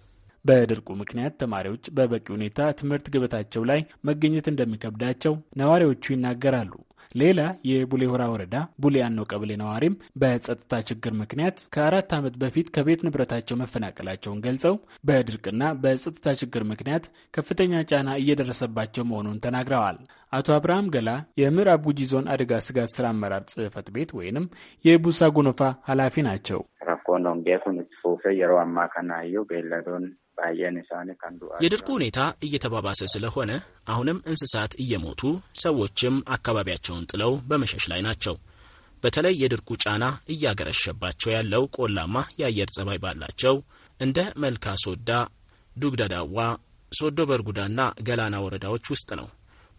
በድርቁ ምክንያት ተማሪዎች በበቂ ሁኔታ ትምህርት ገበታቸው ላይ መገኘት እንደሚከብዳቸው ነዋሪዎቹ ይናገራሉ። ሌላ የቡሌ ሆራ ወረዳ ቡሌ ያነው ቀበሌ ነዋሪም በጸጥታ ችግር ምክንያት ከአራት ዓመት በፊት ከቤት ንብረታቸው መፈናቀላቸውን ገልጸው በድርቅና በጸጥታ ችግር ምክንያት ከፍተኛ ጫና እየደረሰባቸው መሆኑን ተናግረዋል። አቶ አብርሃም ገላ የምዕራብ ጉጂ ዞን አደጋ ስጋት ስራ አመራር ጽህፈት ቤት ወይንም የቡሳ ጎኖፋ ኃላፊ ናቸው። ረኮ የሮ አማ ቤለዶን የድርቁ ሁኔታ እየተባባሰ ስለሆነ አሁንም እንስሳት እየሞቱ ሰዎችም አካባቢያቸውን ጥለው በመሸሽ ላይ ናቸው። በተለይ የድርቁ ጫና እያገረሸባቸው ያለው ቆላማ የአየር ጸባይ ባላቸው እንደ መልካ ሶዳ፣ ዱግዳዳዋ፣ ሶዶ በርጉዳና ገላና ወረዳዎች ውስጥ ነው።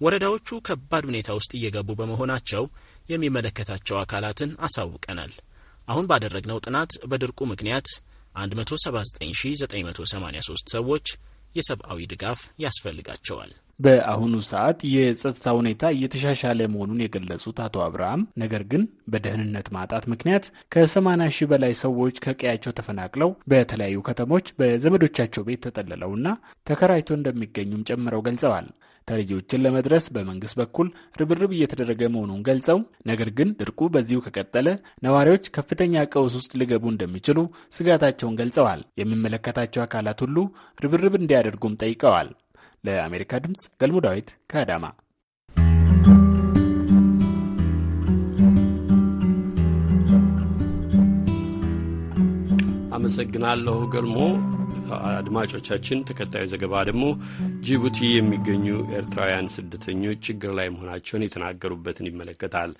ወረዳዎቹ ከባድ ሁኔታ ውስጥ እየገቡ በመሆናቸው የሚመለከታቸው አካላትን አሳውቀናል። አሁን ባደረግነው ጥናት በድርቁ ምክንያት 179983 ሰዎች የሰብአዊ ድጋፍ ያስፈልጋቸዋል። በአሁኑ ሰዓት የጸጥታ ሁኔታ እየተሻሻለ መሆኑን የገለጹት አቶ አብርሃም ነገር ግን በደህንነት ማጣት ምክንያት ከ80 ሺህ በላይ ሰዎች ከቀያቸው ተፈናቅለው በተለያዩ ከተሞች በዘመዶቻቸው ቤት ተጠልለውና ተከራይቶ እንደሚገኙም ጨምረው ገልጸዋል። ተረጂዎችን ለመድረስ በመንግስት በኩል ርብርብ እየተደረገ መሆኑን ገልጸው ነገር ግን ድርቁ በዚሁ ከቀጠለ ነዋሪዎች ከፍተኛ ቀውስ ውስጥ ሊገቡ እንደሚችሉ ስጋታቸውን ገልጸዋል። የሚመለከታቸው አካላት ሁሉ ርብርብ እንዲያደርጉም ጠይቀዋል። ለአሜሪካ ድምፅ ገልሙ ዳዊት ከአዳማ። አመሰግናለሁ ገልሞ። አድማጮቻችን፣ ተከታዩ ዘገባ ደግሞ ጅቡቲ የሚገኙ ኤርትራውያን ስደተኞች ችግር ላይ መሆናቸውን የተናገሩበትን ይመለከታል።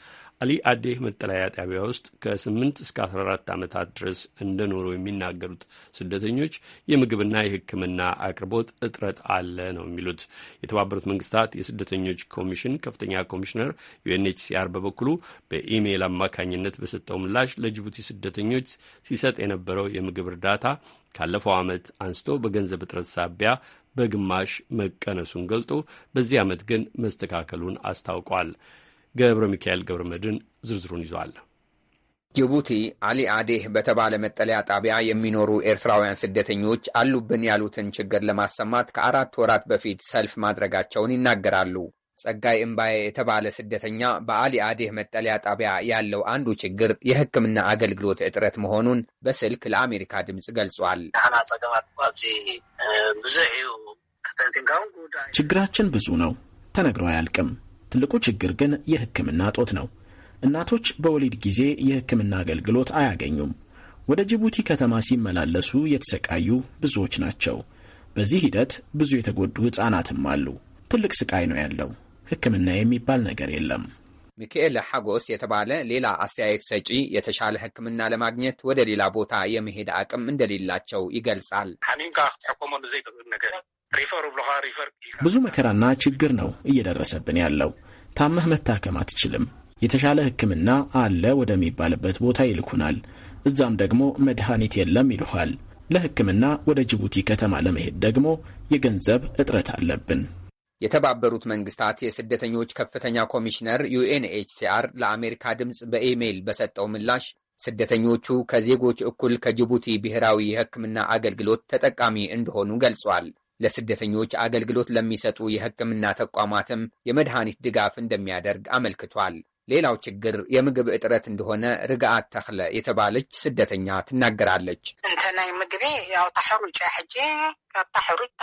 አሊ አዴህ መጠለያ ጣቢያ ውስጥ ከ8 እስከ 14 ዓመታት ድረስ እንደኖሩ የሚናገሩት ስደተኞች የምግብና የሕክምና አቅርቦት እጥረት አለ ነው የሚሉት። የተባበሩት መንግስታት የስደተኞች ኮሚሽን ከፍተኛ ኮሚሽነር ዩኤንኤችሲአር በበኩሉ በኢሜይል አማካኝነት በሰጠው ምላሽ ለጅቡቲ ስደተኞች ሲሰጥ የነበረው የምግብ እርዳታ ካለፈው ዓመት አንስቶ በገንዘብ እጥረት ሳቢያ በግማሽ መቀነሱን ገልጦ በዚህ ዓመት ግን መስተካከሉን አስታውቋል። ገብረ ሚካኤል ገብረ መድን ዝርዝሩን ይዟል። ጅቡቲ አሊ አዴህ በተባለ መጠለያ ጣቢያ የሚኖሩ ኤርትራውያን ስደተኞች አሉብን ያሉትን ችግር ለማሰማት ከአራት ወራት በፊት ሰልፍ ማድረጋቸውን ይናገራሉ። ጸጋይ እምባዬ የተባለ ስደተኛ በአሊ አዴህ መጠለያ ጣቢያ ያለው አንዱ ችግር የሕክምና አገልግሎት እጥረት መሆኑን በስልክ ለአሜሪካ ድምፅ ገልጿል። ችግራችን ብዙ ነው፣ ተነግሮ አያልቅም። ትልቁ ችግር ግን የሕክምና እጦት ነው። እናቶች በወሊድ ጊዜ የሕክምና አገልግሎት አያገኙም። ወደ ጅቡቲ ከተማ ሲመላለሱ የተሰቃዩ ብዙዎች ናቸው። በዚህ ሂደት ብዙ የተጎዱ ሕፃናትም አሉ። ትልቅ ስቃይ ነው ያለው። ሕክምና የሚባል ነገር የለም። ሚካኤል ሐጎስ የተባለ ሌላ አስተያየት ሰጪ የተሻለ ሕክምና ለማግኘት ወደ ሌላ ቦታ የመሄድ አቅም እንደሌላቸው ይገልጻል። ብዙ መከራና ችግር ነው እየደረሰብን ያለው። ታመህ መታከም አትችልም። የተሻለ ሕክምና አለ ወደሚባልበት ቦታ ይልኩናል። እዛም ደግሞ መድኃኒት የለም ይልኋል። ለሕክምና ወደ ጅቡቲ ከተማ ለመሄድ ደግሞ የገንዘብ እጥረት አለብን። የተባበሩት መንግስታት የስደተኞች ከፍተኛ ኮሚሽነር ዩኤንኤችሲአር ለአሜሪካ ድምፅ በኢሜይል በሰጠው ምላሽ ስደተኞቹ ከዜጎች እኩል ከጅቡቲ ብሔራዊ የሕክምና አገልግሎት ተጠቃሚ እንደሆኑ ገልጿል። ለስደተኞች አገልግሎት ለሚሰጡ የሕክምና ተቋማትም የመድኃኒት ድጋፍ እንደሚያደርግ አመልክቷል። ሌላው ችግር የምግብ እጥረት እንደሆነ ርግአት ተክለ የተባለች ስደተኛ ትናገራለች። እንተናይ ምግቤ ያው ታሕሩጭ ሕጂ ካብ ታሕሩጭ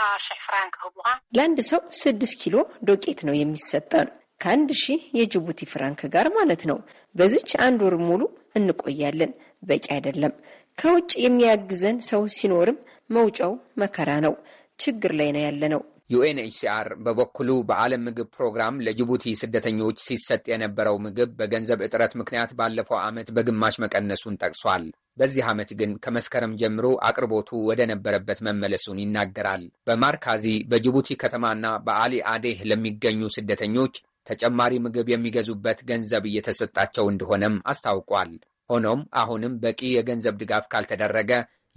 ፍራንክ ህቡካ ለአንድ ሰው ስድስት ኪሎ ዶቄት ነው የሚሰጠን ከአንድ ሺህ የጅቡቲ ፍራንክ ጋር ማለት ነው። በዚች አንድ ወር ሙሉ እንቆያለን። በቂ አይደለም። ከውጭ የሚያግዘን ሰው ሲኖርም መውጫው መከራ ነው። ችግር ላይ ነው ያለነው። ዩኤንኤችሲአር በበኩሉ በዓለም ምግብ ፕሮግራም ለጅቡቲ ስደተኞች ሲሰጥ የነበረው ምግብ በገንዘብ እጥረት ምክንያት ባለፈው ዓመት በግማሽ መቀነሱን ጠቅሷል። በዚህ ዓመት ግን ከመስከረም ጀምሮ አቅርቦቱ ወደ ነበረበት መመለሱን ይናገራል። በማርካዚ በጅቡቲ ከተማና በአሊ አዴህ ለሚገኙ ስደተኞች ተጨማሪ ምግብ የሚገዙበት ገንዘብ እየተሰጣቸው እንደሆነም አስታውቋል። ሆኖም አሁንም በቂ የገንዘብ ድጋፍ ካልተደረገ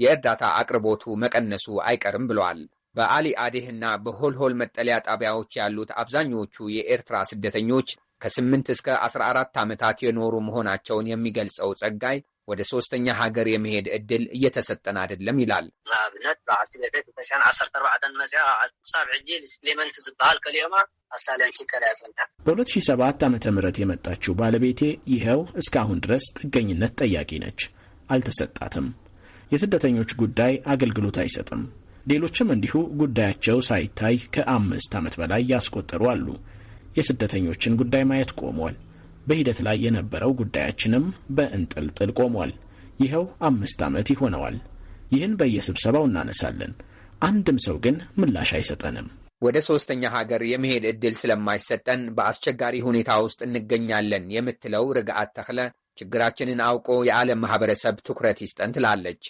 የእርዳታ አቅርቦቱ መቀነሱ አይቀርም ብሏል። በአሊ አዴህ እና በሆልሆል መጠለያ ጣቢያዎች ያሉት አብዛኞቹ የኤርትራ ስደተኞች ከስምንት እስከ 14 ዓመታት የኖሩ መሆናቸውን የሚገልጸው ጸጋይ ወደ ሶስተኛ ሀገር የመሄድ እድል እየተሰጠን አይደለም ይላል። ንኣብነት በዓልቲ ዓሰርተ ኣርባዕተን መፅያ ክሳብ ሕጂ ሌመንቲ ዝበሃል ከሊኦማ በ2007 ዓ ም የመጣችው ባለቤቴ ይኸው እስካሁን ድረስ ጥገኝነት ጠያቂ ነች፣ አልተሰጣትም። የስደተኞች ጉዳይ አገልግሎት አይሰጥም። ሌሎችም እንዲሁ ጉዳያቸው ሳይታይ ከአምስት ዓመት በላይ ያስቆጠሩ አሉ። የስደተኞችን ጉዳይ ማየት ቆሟል። በሂደት ላይ የነበረው ጉዳያችንም በእንጥልጥል ቆሟል። ይኸው አምስት ዓመት ይሆነዋል። ይህን በየስብሰባው እናነሳለን። አንድም ሰው ግን ምላሽ አይሰጠንም። ወደ ሶስተኛ ሀገር የመሄድ ዕድል ስለማይሰጠን በአስቸጋሪ ሁኔታ ውስጥ እንገኛለን የምትለው ርግአት ተክለ ችግራችንን አውቆ የዓለም ማህበረሰብ ትኩረት ይስጠን ትላለች።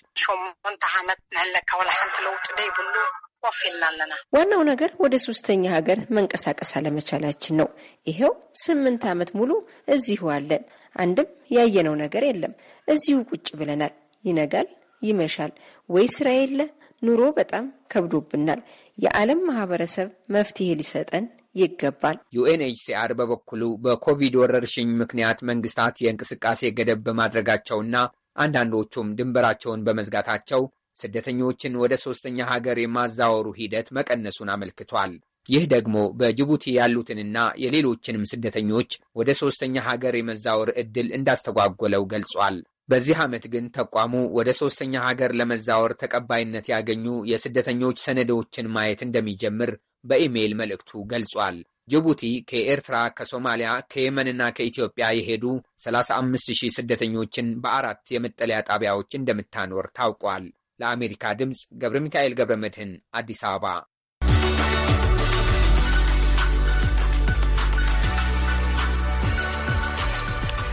ዋናው ነገር ወደ ሶስተኛ ሀገር መንቀሳቀስ አለመቻላችን ነው። ይኸው ስምንት ዓመት ሙሉ እዚሁ አለን። አንድም ያየነው ነገር የለም። እዚሁ ቁጭ ብለናል። ይነጋል፣ ይመሻል። ወይ ስራ የለ፣ ኑሮ በጣም ከብዶብናል። የዓለም ማህበረሰብ መፍትሄ ሊሰጠን ይገባል። ዩኤንኤችሲአር በበኩሉ በኮቪድ ወረርሽኝ ምክንያት መንግስታት የእንቅስቃሴ ገደብ በማድረጋቸውና አንዳንዶቹም ድንበራቸውን በመዝጋታቸው ስደተኞችን ወደ ሶስተኛ ሀገር የማዛወሩ ሂደት መቀነሱን አመልክቷል። ይህ ደግሞ በጅቡቲ ያሉትንና የሌሎችንም ስደተኞች ወደ ሶስተኛ ሀገር የመዛወር ዕድል እንዳስተጓጎለው ገልጿል። በዚህ ዓመት ግን ተቋሙ ወደ ሶስተኛ ሀገር ለመዛወር ተቀባይነት ያገኙ የስደተኞች ሰነዶችን ማየት እንደሚጀምር በኢሜይል መልእክቱ ገልጿል። ጅቡቲ ከኤርትራ፣ ከሶማሊያ፣ ከየመንና ከኢትዮጵያ የሄዱ 35,000 ስደተኞችን በአራት የመጠለያ ጣቢያዎች እንደምታኖር ታውቋል። ለአሜሪካ ድምፅ ገብረ ሚካኤል ገብረ መድህን አዲስ አበባ።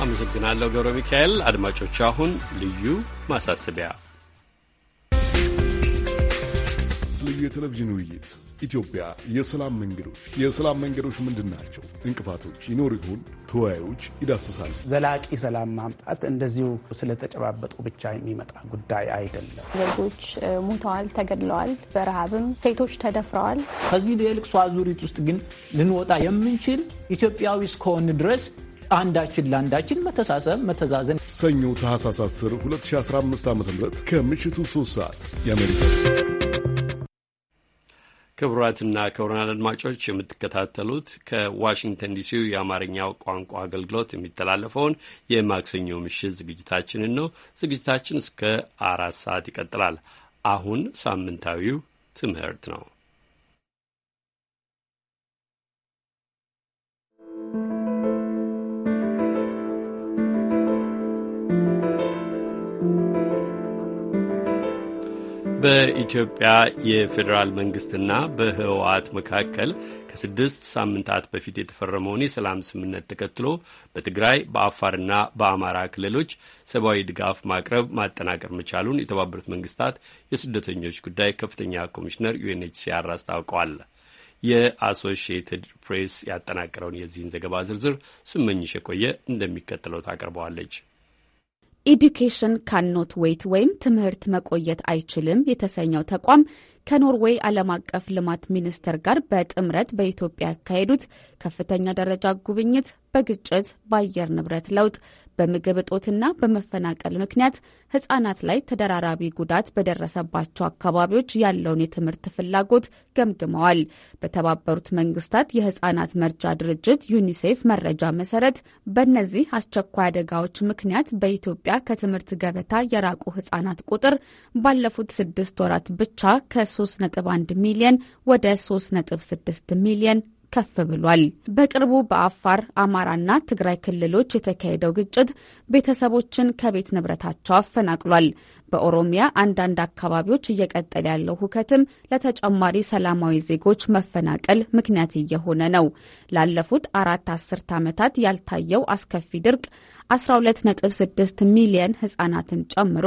አመሰግናለሁ ገብረ ሚካኤል። አድማጮች፣ አሁን ልዩ ማሳሰቢያ ልዩ የቴሌቪዥን ውይይት ኢትዮጵያ የሰላም መንገዶች የሰላም መንገዶች ምንድን ናቸው? እንቅፋቶች ይኖር ይሆን? ተወያዮች ይዳስሳሉ። ዘላቂ ሰላም ማምጣት እንደዚሁ ስለተጨባበጡ ብቻ የሚመጣ ጉዳይ አይደለም። ዜጎች ሙተዋል፣ ተገድለዋል፣ በረሃብም ሴቶች ተደፍረዋል። ከዚህ የልቅሶ አዙሪት ውስጥ ግን ልንወጣ የምንችል ኢትዮጵያዊ እስከሆን ድረስ አንዳችን ለአንዳችን መተሳሰብ፣ መተዛዘን። ሰኞ ታህሳስ 10 2015 ዓ ም ከምሽቱ 3 ሰዓት የአሜሪካ ክቡራትና ክቡራን አድማጮች የምትከታተሉት ከዋሽንግተን ዲሲው የአማርኛው ቋንቋ አገልግሎት የሚተላለፈውን የማክሰኞ ምሽት ዝግጅታችንን ነው። ዝግጅታችን እስከ አራት ሰዓት ይቀጥላል። አሁን ሳምንታዊው ትምህርት ነው። በኢትዮጵያ የፌዴራል መንግስትና በህወሓት መካከል ከስድስት ሳምንታት በፊት የተፈረመውን የሰላም ስምምነት ተከትሎ በትግራይ በአፋርና በአማራ ክልሎች ሰብአዊ ድጋፍ ማቅረብ ማጠናቀር መቻሉን የተባበሩት መንግስታት የስደተኞች ጉዳይ ከፍተኛ ኮሚሽነር ዩኤንኤችሲአር አስታውቀዋል። የአሶሺየትድ ፕሬስ ያጠናቀረውን የዚህን ዘገባ ዝርዝር ስመኝሽ የቆየ እንደሚከተለው ታቀርበዋለች። ኤዱኬሽን ካንኖት ዌይት ወይም ትምህርት መቆየት አይችልም የተሰኘው ተቋም ከኖርዌይ ዓለም አቀፍ ልማት ሚኒስቴር ጋር በጥምረት በኢትዮጵያ ያካሄዱት ከፍተኛ ደረጃ ጉብኝት በግጭት፣ በአየር ንብረት ለውጥ፣ በምግብ እጦትና በመፈናቀል ምክንያት ህጻናት ላይ ተደራራቢ ጉዳት በደረሰባቸው አካባቢዎች ያለውን የትምህርት ፍላጎት ገምግመዋል። በተባበሩት መንግስታት የህጻናት መርጃ ድርጅት ዩኒሴፍ መረጃ መሰረት በእነዚህ አስቸኳይ አደጋዎች ምክንያት በኢትዮጵያ ከትምህርት ገበታ የራቁ ህጻናት ቁጥር ባለፉት ስድስት ወራት ብቻ ከ3.1 ሚሊየን ወደ 3.6 ሚሊየን ከፍ ብሏል። በቅርቡ በአፋር አማራና ትግራይ ክልሎች የተካሄደው ግጭት ቤተሰቦችን ከቤት ንብረታቸው አፈናቅሏል። በኦሮሚያ አንዳንድ አካባቢዎች እየቀጠለ ያለው ሁከትም ለተጨማሪ ሰላማዊ ዜጎች መፈናቀል ምክንያት እየሆነ ነው። ላለፉት አራት አስርት ዓመታት ያልታየው አስከፊ ድርቅ 12.6 ሚሊየን ህጻናትን ጨምሮ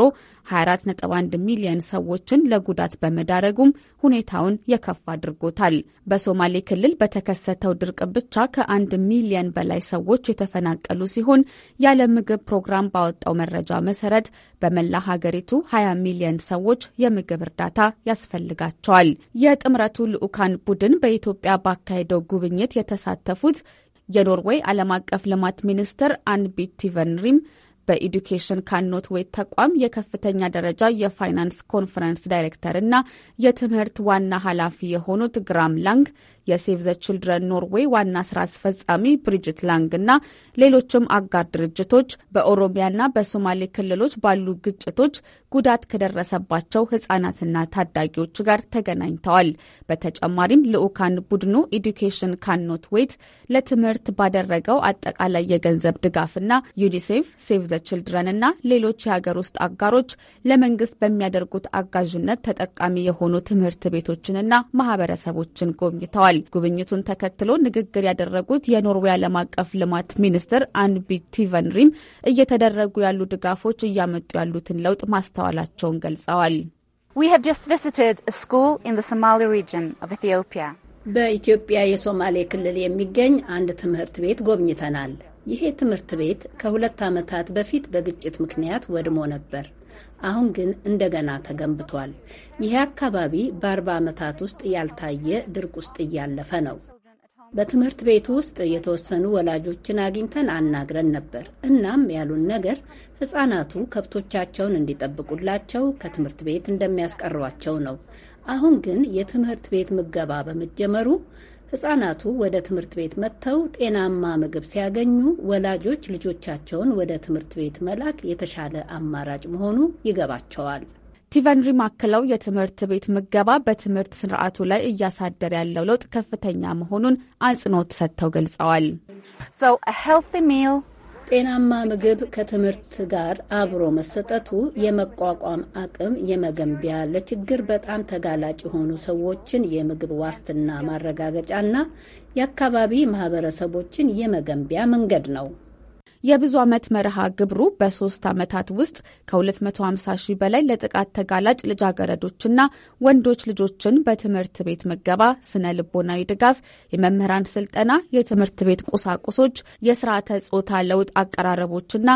24.1 ሚሊየን ሰዎችን ለጉዳት በመዳረጉም ሁኔታውን የከፋ አድርጎታል። በሶማሌ ክልል በተከሰተው ድርቅ ብቻ ከአንድ ሚሊየን በላይ ሰዎች የተፈናቀሉ ሲሆን የዓለም ምግብ ፕሮግራም ባወጣው መረጃ መሰረት በመላ ሀገሪቱ 20 ሚሊየን ሰዎች የምግብ እርዳታ ያስፈልጋቸዋል። የጥምረቱ ልዑካን ቡድን በኢትዮጵያ ባካሄደው ጉብኝት የተሳተፉት የኖርዌይ ዓለም አቀፍ ልማት ሚኒስትር አንቢት ቲቨንሪም በኢዱኬሽን ካኖት ዌት ተቋም የከፍተኛ ደረጃ የፋይናንስ ኮንፈረንስ ዳይሬክተር እና የትምህርት ዋና ኃላፊ የሆኑት ግራም ላንግ የሴቭ ዘ ችልድረን ኖርዌይ ዋና ስራ አስፈጻሚ ብሪጅት ላንግ እና ሌሎችም አጋር ድርጅቶች በኦሮሚያና በሶማሌ ክልሎች ባሉ ግጭቶች ጉዳት ከደረሰባቸው ህጻናትና ታዳጊዎች ጋር ተገናኝተዋል። በተጨማሪም ልዑካን ቡድኑ ኢዱኬሽን ካኖት ዌት ለትምህርት ባደረገው አጠቃላይ የገንዘብ ድጋፍና ዩኒሴፍ፣ ሴቭ ዘ ችልድረን እና ሌሎች የሀገር ውስጥ አጋሮች ለመንግስት በሚያደርጉት አጋዥነት ተጠቃሚ የሆኑ ትምህርት ቤቶችንና ማህበረሰቦችን ጎብኝተዋል። ተናግረዋል። ጉብኝቱን ተከትሎ ንግግር ያደረጉት የኖርዌይ ዓለም አቀፍ ልማት ሚኒስትር አንቢ ቲቨንሪም እየተደረጉ ያሉ ድጋፎች እያመጡ ያሉትን ለውጥ ማስተዋላቸውን ገልጸዋል። በኢትዮጵያ የሶማሌ ክልል የሚገኝ አንድ ትምህርት ቤት ጎብኝተናል። ይሄ ትምህርት ቤት ከሁለት ዓመታት በፊት በግጭት ምክንያት ወድሞ ነበር። አሁን ግን እንደገና ተገንብቷል። ይህ አካባቢ በአርባ ዓመታት ውስጥ ያልታየ ድርቅ ውስጥ እያለፈ ነው። በትምህርት ቤቱ ውስጥ የተወሰኑ ወላጆችን አግኝተን አናግረን ነበር። እናም ያሉን ነገር ሕጻናቱ ከብቶቻቸውን እንዲጠብቁላቸው ከትምህርት ቤት እንደሚያስቀሯቸው ነው። አሁን ግን የትምህርት ቤት ምገባ በመጀመሩ ህጻናቱ ወደ ትምህርት ቤት መጥተው ጤናማ ምግብ ሲያገኙ ወላጆች ልጆቻቸውን ወደ ትምህርት ቤት መላክ የተሻለ አማራጭ መሆኑ ይገባቸዋል። ቲቨንሪ ማክለው የትምህርት ቤት ምገባ በትምህርት ስርዓቱ ላይ እያሳደረ ያለው ለውጥ ከፍተኛ መሆኑን አጽንኦት ሰጥተው ገልጸዋል። ጤናማ ምግብ ከትምህርት ጋር አብሮ መሰጠቱ የመቋቋም አቅም የመገንቢያ ለችግር በጣም ተጋላጭ የሆኑ ሰዎችን የምግብ ዋስትና ማረጋገጫና የአካባቢ ማህበረሰቦችን የመገንቢያ መንገድ ነው። የብዙ ዓመት መርሃ ግብሩ በሶስት ዓመታት ውስጥ ከ250 ሺህ በላይ ለጥቃት ተጋላጭ ልጃገረዶችና ወንዶች ልጆችን በትምህርት ቤት ምገባ፣ ስነ ልቦናዊ ድጋፍ፣ የመምህራን ስልጠና፣ የትምህርት ቤት ቁሳቁሶች፣ የስርዓተ ጾታ ለውጥ አቀራረቦችና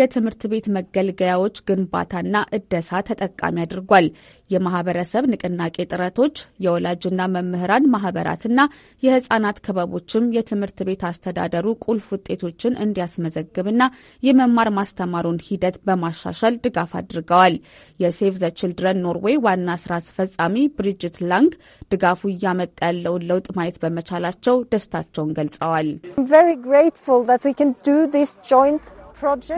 የትምህርት ቤት መገልገያዎች ግንባታና እደሳ ተጠቃሚ አድርጓል። የማህበረሰብ ንቅናቄ ጥረቶች፣ የወላጅና መምህራን ማህበራትና የህጻናት ክበቦችም የትምህርት ቤት አስተዳደሩ ቁልፍ ውጤቶችን እንዲያስመዘግብና የመማር ማስተማሩን ሂደት በማሻሻል ድጋፍ አድርገዋል። የሴቭ ዘ ችልድረን ኖርዌይ ዋና ስራ አስፈጻሚ ብሪጅት ላንግ ድጋፉ እያመጣ ያለውን ለውጥ ማየት በመቻላቸው ደስታቸውን ገልጸዋል።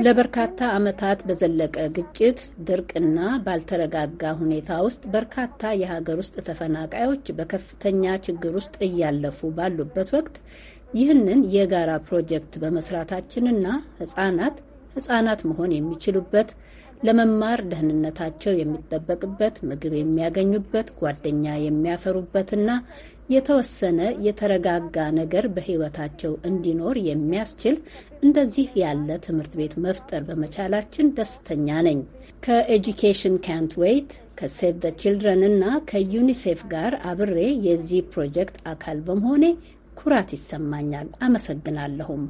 ለበርካታ ዓመታት በዘለቀ ግጭት፣ ድርቅና ባልተረጋጋ ሁኔታ ውስጥ በርካታ የሀገር ውስጥ ተፈናቃዮች በከፍተኛ ችግር ውስጥ እያለፉ ባሉበት ወቅት ይህንን የጋራ ፕሮጀክት በመስራታችንና ህጻናት ህጻናት መሆን የሚችሉበት ለመማር ደህንነታቸው የሚጠበቅበት ምግብ የሚያገኙበት፣ ጓደኛ የሚያፈሩበትና የተወሰነ የተረጋጋ ነገር በሕይወታቸው እንዲኖር የሚያስችል እንደዚህ ያለ ትምህርት ቤት መፍጠር በመቻላችን ደስተኛ ነኝ። ከኤጁኬሽን ካንት ዌይት ከሴቭ ዘ ችልድረን እና ከዩኒሴፍ ጋር አብሬ የዚህ ፕሮጀክት አካል በመሆኔ ኩራት ይሰማኛል። አመሰግናለሁም።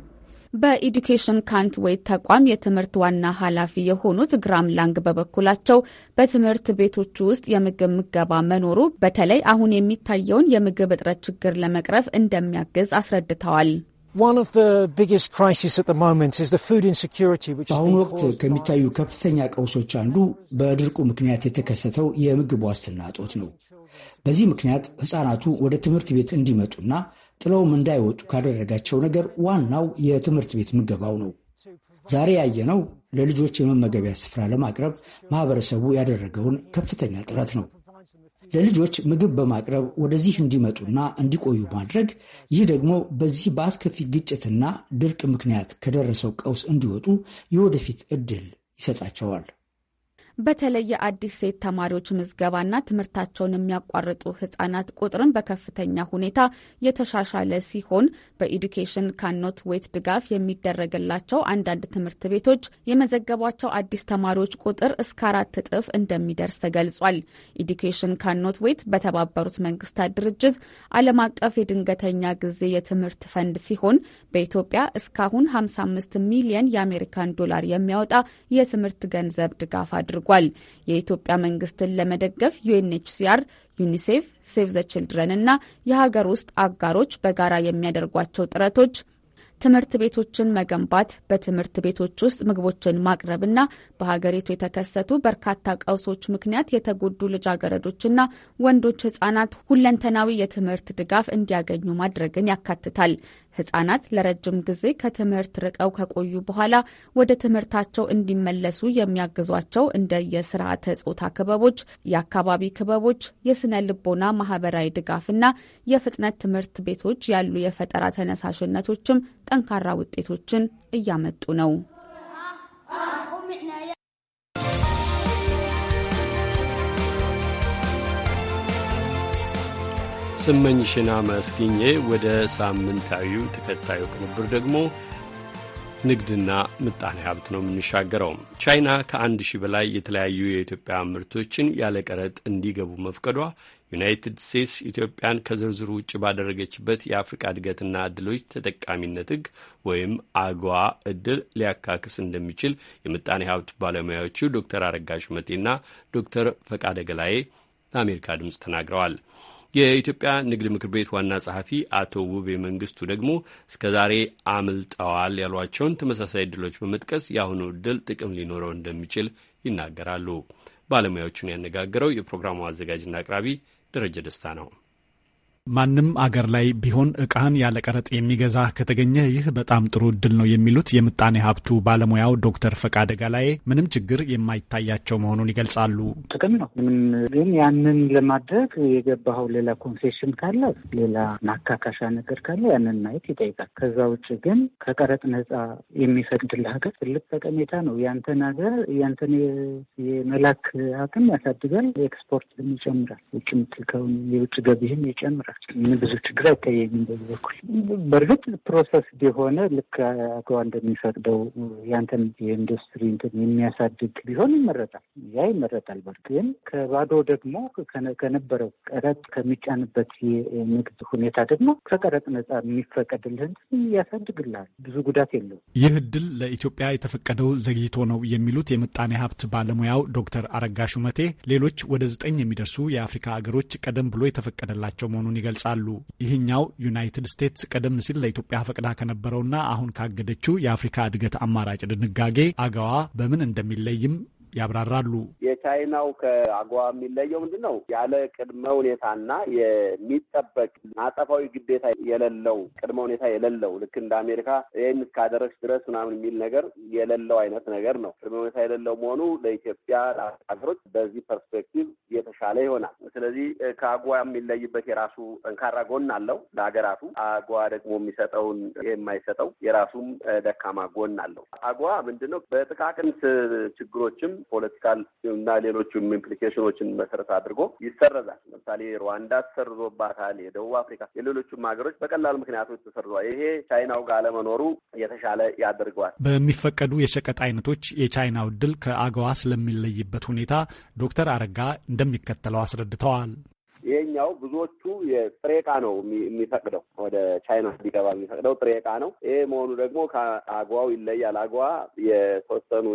በኢዱኬሽን ካንት ዌይት ተቋም የትምህርት ዋና ኃላፊ የሆኑት ግራም ላንግ በበኩላቸው በትምህርት ቤቶች ውስጥ የምግብ ምገባ መኖሩ በተለይ አሁን የሚታየውን የምግብ እጥረት ችግር ለመቅረፍ እንደሚያግዝ አስረድተዋል። በአሁኑ ወቅት ከሚታዩ ከፍተኛ ቀውሶች አንዱ በድርቁ ምክንያት የተከሰተው የምግብ ዋስትና እጦት ነው። በዚህ ምክንያት ሕፃናቱ ወደ ትምህርት ቤት እንዲመጡና ጥለውም እንዳይወጡ ካደረጋቸው ነገር ዋናው የትምህርት ቤት ምገባው ነው። ዛሬ ያየነው ለልጆች የመመገቢያ ስፍራ ለማቅረብ ማህበረሰቡ ያደረገውን ከፍተኛ ጥረት ነው። ለልጆች ምግብ በማቅረብ ወደዚህ እንዲመጡና እንዲቆዩ ማድረግ፣ ይህ ደግሞ በዚህ በአስከፊ ግጭትና ድርቅ ምክንያት ከደረሰው ቀውስ እንዲወጡ የወደፊት ዕድል ይሰጣቸዋል። በተለይ የአዲስ ሴት ተማሪዎች ምዝገባና ትምህርታቸውን የሚያቋርጡ ህጻናት ቁጥርን በከፍተኛ ሁኔታ የተሻሻለ ሲሆን በኢዱኬሽን ካኖት ዌት ድጋፍ የሚደረግላቸው አንዳንድ ትምህርት ቤቶች የመዘገቧቸው አዲስ ተማሪዎች ቁጥር እስከ አራት እጥፍ እንደሚደርስ ተገልጿል። ኢዱኬሽን ካኖት ዌት በተባበሩት መንግስታት ድርጅት ዓለም አቀፍ የድንገተኛ ጊዜ የትምህርት ፈንድ ሲሆን በኢትዮጵያ እስካሁን 55 ሚሊየን የአሜሪካን ዶላር የሚያወጣ የትምህርት ገንዘብ ድጋፍ አድርጓል። አድርጓል። የኢትዮጵያ መንግስትን ለመደገፍ ዩኤንኤችሲአር፣ ዩኒሴፍ፣ ሴቭ ዘ ችልድረን እና የሀገር ውስጥ አጋሮች በጋራ የሚያደርጓቸው ጥረቶች ትምህርት ቤቶችን መገንባት፣ በትምህርት ቤቶች ውስጥ ምግቦችን ማቅረብና በሀገሪቱ የተከሰቱ በርካታ ቀውሶች ምክንያት የተጎዱ ልጃገረዶችና ወንዶች ህጻናት ሁለንተናዊ የትምህርት ድጋፍ እንዲያገኙ ማድረግን ያካትታል። ህጻናት ለረጅም ጊዜ ከትምህርት ርቀው ከቆዩ በኋላ ወደ ትምህርታቸው እንዲመለሱ የሚያግዟቸው እንደ የስርዓተ ጾታ ክበቦች፣ የአካባቢ ክበቦች፣ የስነ ልቦና ማህበራዊ ድጋፍና የፍጥነት ትምህርት ቤቶች ያሉ የፈጠራ ተነሳሽነቶችም ጠንካራ ውጤቶችን እያመጡ ነው። ስመኝሽን አመስግኜ ወደ ሳምንታዊው ተከታዩ ቅንብር ደግሞ ንግድና ምጣኔ ሀብት ነው የምንሻገረው። ቻይና ከአንድ ሺህ በላይ የተለያዩ የኢትዮጵያ ምርቶችን ያለ ቀረጥ እንዲገቡ መፍቀዷ ዩናይትድ ስቴትስ ኢትዮጵያን ከዝርዝሩ ውጭ ባደረገችበት የአፍሪካ እድገትና እድሎች ተጠቃሚነት ሕግ ወይም አግዋ እድል ሊያካክስ እንደሚችል የምጣኔ ሀብት ባለሙያዎቹ ዶክተር አረጋሽ መቴና ዶክተር ፈቃደ ገላዬ ለአሜሪካ ድምፅ ተናግረዋል። የኢትዮጵያ ንግድ ምክር ቤት ዋና ጸሐፊ አቶ ውቤ መንግስቱ ደግሞ እስከ ዛሬ አምልጠዋል ያሏቸውን ተመሳሳይ እድሎች በመጥቀስ የአሁኑ እድል ጥቅም ሊኖረው እንደሚችል ይናገራሉ። ባለሙያዎቹን ያነጋገረው የፕሮግራሙ አዘጋጅና አቅራቢ ደረጀ ደስታ ነው። ማንም አገር ላይ ቢሆን እቃህን ያለ ቀረጥ የሚገዛ ከተገኘ ይህ በጣም ጥሩ እድል ነው የሚሉት የምጣኔ ሀብቱ ባለሙያው ዶክተር ፈቃደ ገላዬ ምንም ችግር የማይታያቸው መሆኑን ይገልጻሉ። ጥቅም ነው። ምንም ግን ያንን ለማድረግ የገባኸው ሌላ ኮንሴሽን ካለ፣ ሌላ ማካካሻ ነገር ካለ ያንን ማየት ይጠይቃል። ከዛ ውጭ ግን ከቀረጥ ነጻ የሚፈቅድልህ ሀገር ትልቅ ጠቀሜታ ነው። ያንተን ሀገር ያንተን የመላክ አቅም ያሳድጋል። ኤክስፖርት ይጨምራል። ውጭ የምትልከውን የውጭ ገቢህን ይጨምራል። ምንም ብዙ ችግር አይታየኝም። በዚህ በኩል በእርግጥ ፕሮሰስ ቢሆነ ልክ አገዋ እንደሚፈቅደው ያንተን የኢንዱስትሪ እንትን የሚያሳድግ ቢሆን ይመረጣል። ያ ይመረጣል። በርግ ግን ከባዶ ደግሞ ከነበረው ቀረጥ ከሚጫንበት የንግድ ሁኔታ ደግሞ ከቀረጥ ነጻ የሚፈቀድልህን ያሳድግልሃል። ብዙ ጉዳት የለው። ይህ እድል ለኢትዮጵያ የተፈቀደው ዘግይቶ ነው የሚሉት የምጣኔ ሀብት ባለሙያው ዶክተር አረጋ ሹመቴ ሌሎች ወደ ዘጠኝ የሚደርሱ የአፍሪካ ሀገሮች ቀደም ብሎ የተፈቀደላቸው መሆኑን ይገልጻሉ። ይህኛው ዩናይትድ ስቴትስ ቀደም ሲል ለኢትዮጵያ ፈቅዳ ከነበረውና አሁን ካገደችው የአፍሪካ እድገት አማራጭ ድንጋጌ አገዋ በምን እንደሚለይም ያብራራሉ። የቻይናው ከአጓ የሚለየው ምንድን ነው? ያለ ቅድመ ሁኔታና የሚጠበቅ አጠፋዊ ግዴታ የሌለው ቅድመ ሁኔታ የሌለው ልክ እንደ አሜሪካ ይህን እስካደረግሽ ድረስ ምናምን የሚል ነገር የሌለው አይነት ነገር ነው። ቅድመ ሁኔታ የሌለው መሆኑ ለኢትዮጵያ ሀገሮች በዚህ ፐርስፔክቲቭ የተሻለ ይሆናል። ስለዚህ ከአጓ የሚለይበት የራሱ ጠንካራ ጎን አለው ለሀገራቱ። አጓ ደግሞ የሚሰጠውን የማይሰጠው የራሱም ደካማ ጎን አለው። አጓ ምንድነው? በጥቃቅን ችግሮችም ፖለቲካል እና ሌሎቹም ኢምፕሊኬሽኖችን መሰረት አድርጎ ይሰረዛል። ለምሳሌ ሩዋንዳ ተሰርዞባታል። የደቡብ አፍሪካ፣ የሌሎቹም ሀገሮች በቀላል ምክንያቶች ተሰርዟል። ይሄ ቻይናው ጋር አለመኖሩ የተሻለ ያደርገዋል። በሚፈቀዱ የሸቀጥ አይነቶች የቻይናው እድል ከአገዋ ስለሚለይበት ሁኔታ ዶክተር አረጋ እንደሚከተለው አስረድተዋል። ይሄኛው ብዙዎቹ የጥሬ ዕቃ ነው የሚፈቅደው፣ ወደ ቻይና እንዲገባ የሚፈቅደው ጥሬ ዕቃ ነው። ይሄ መሆኑ ደግሞ ከአግዋው ይለያል። አግዋ የተወሰኑ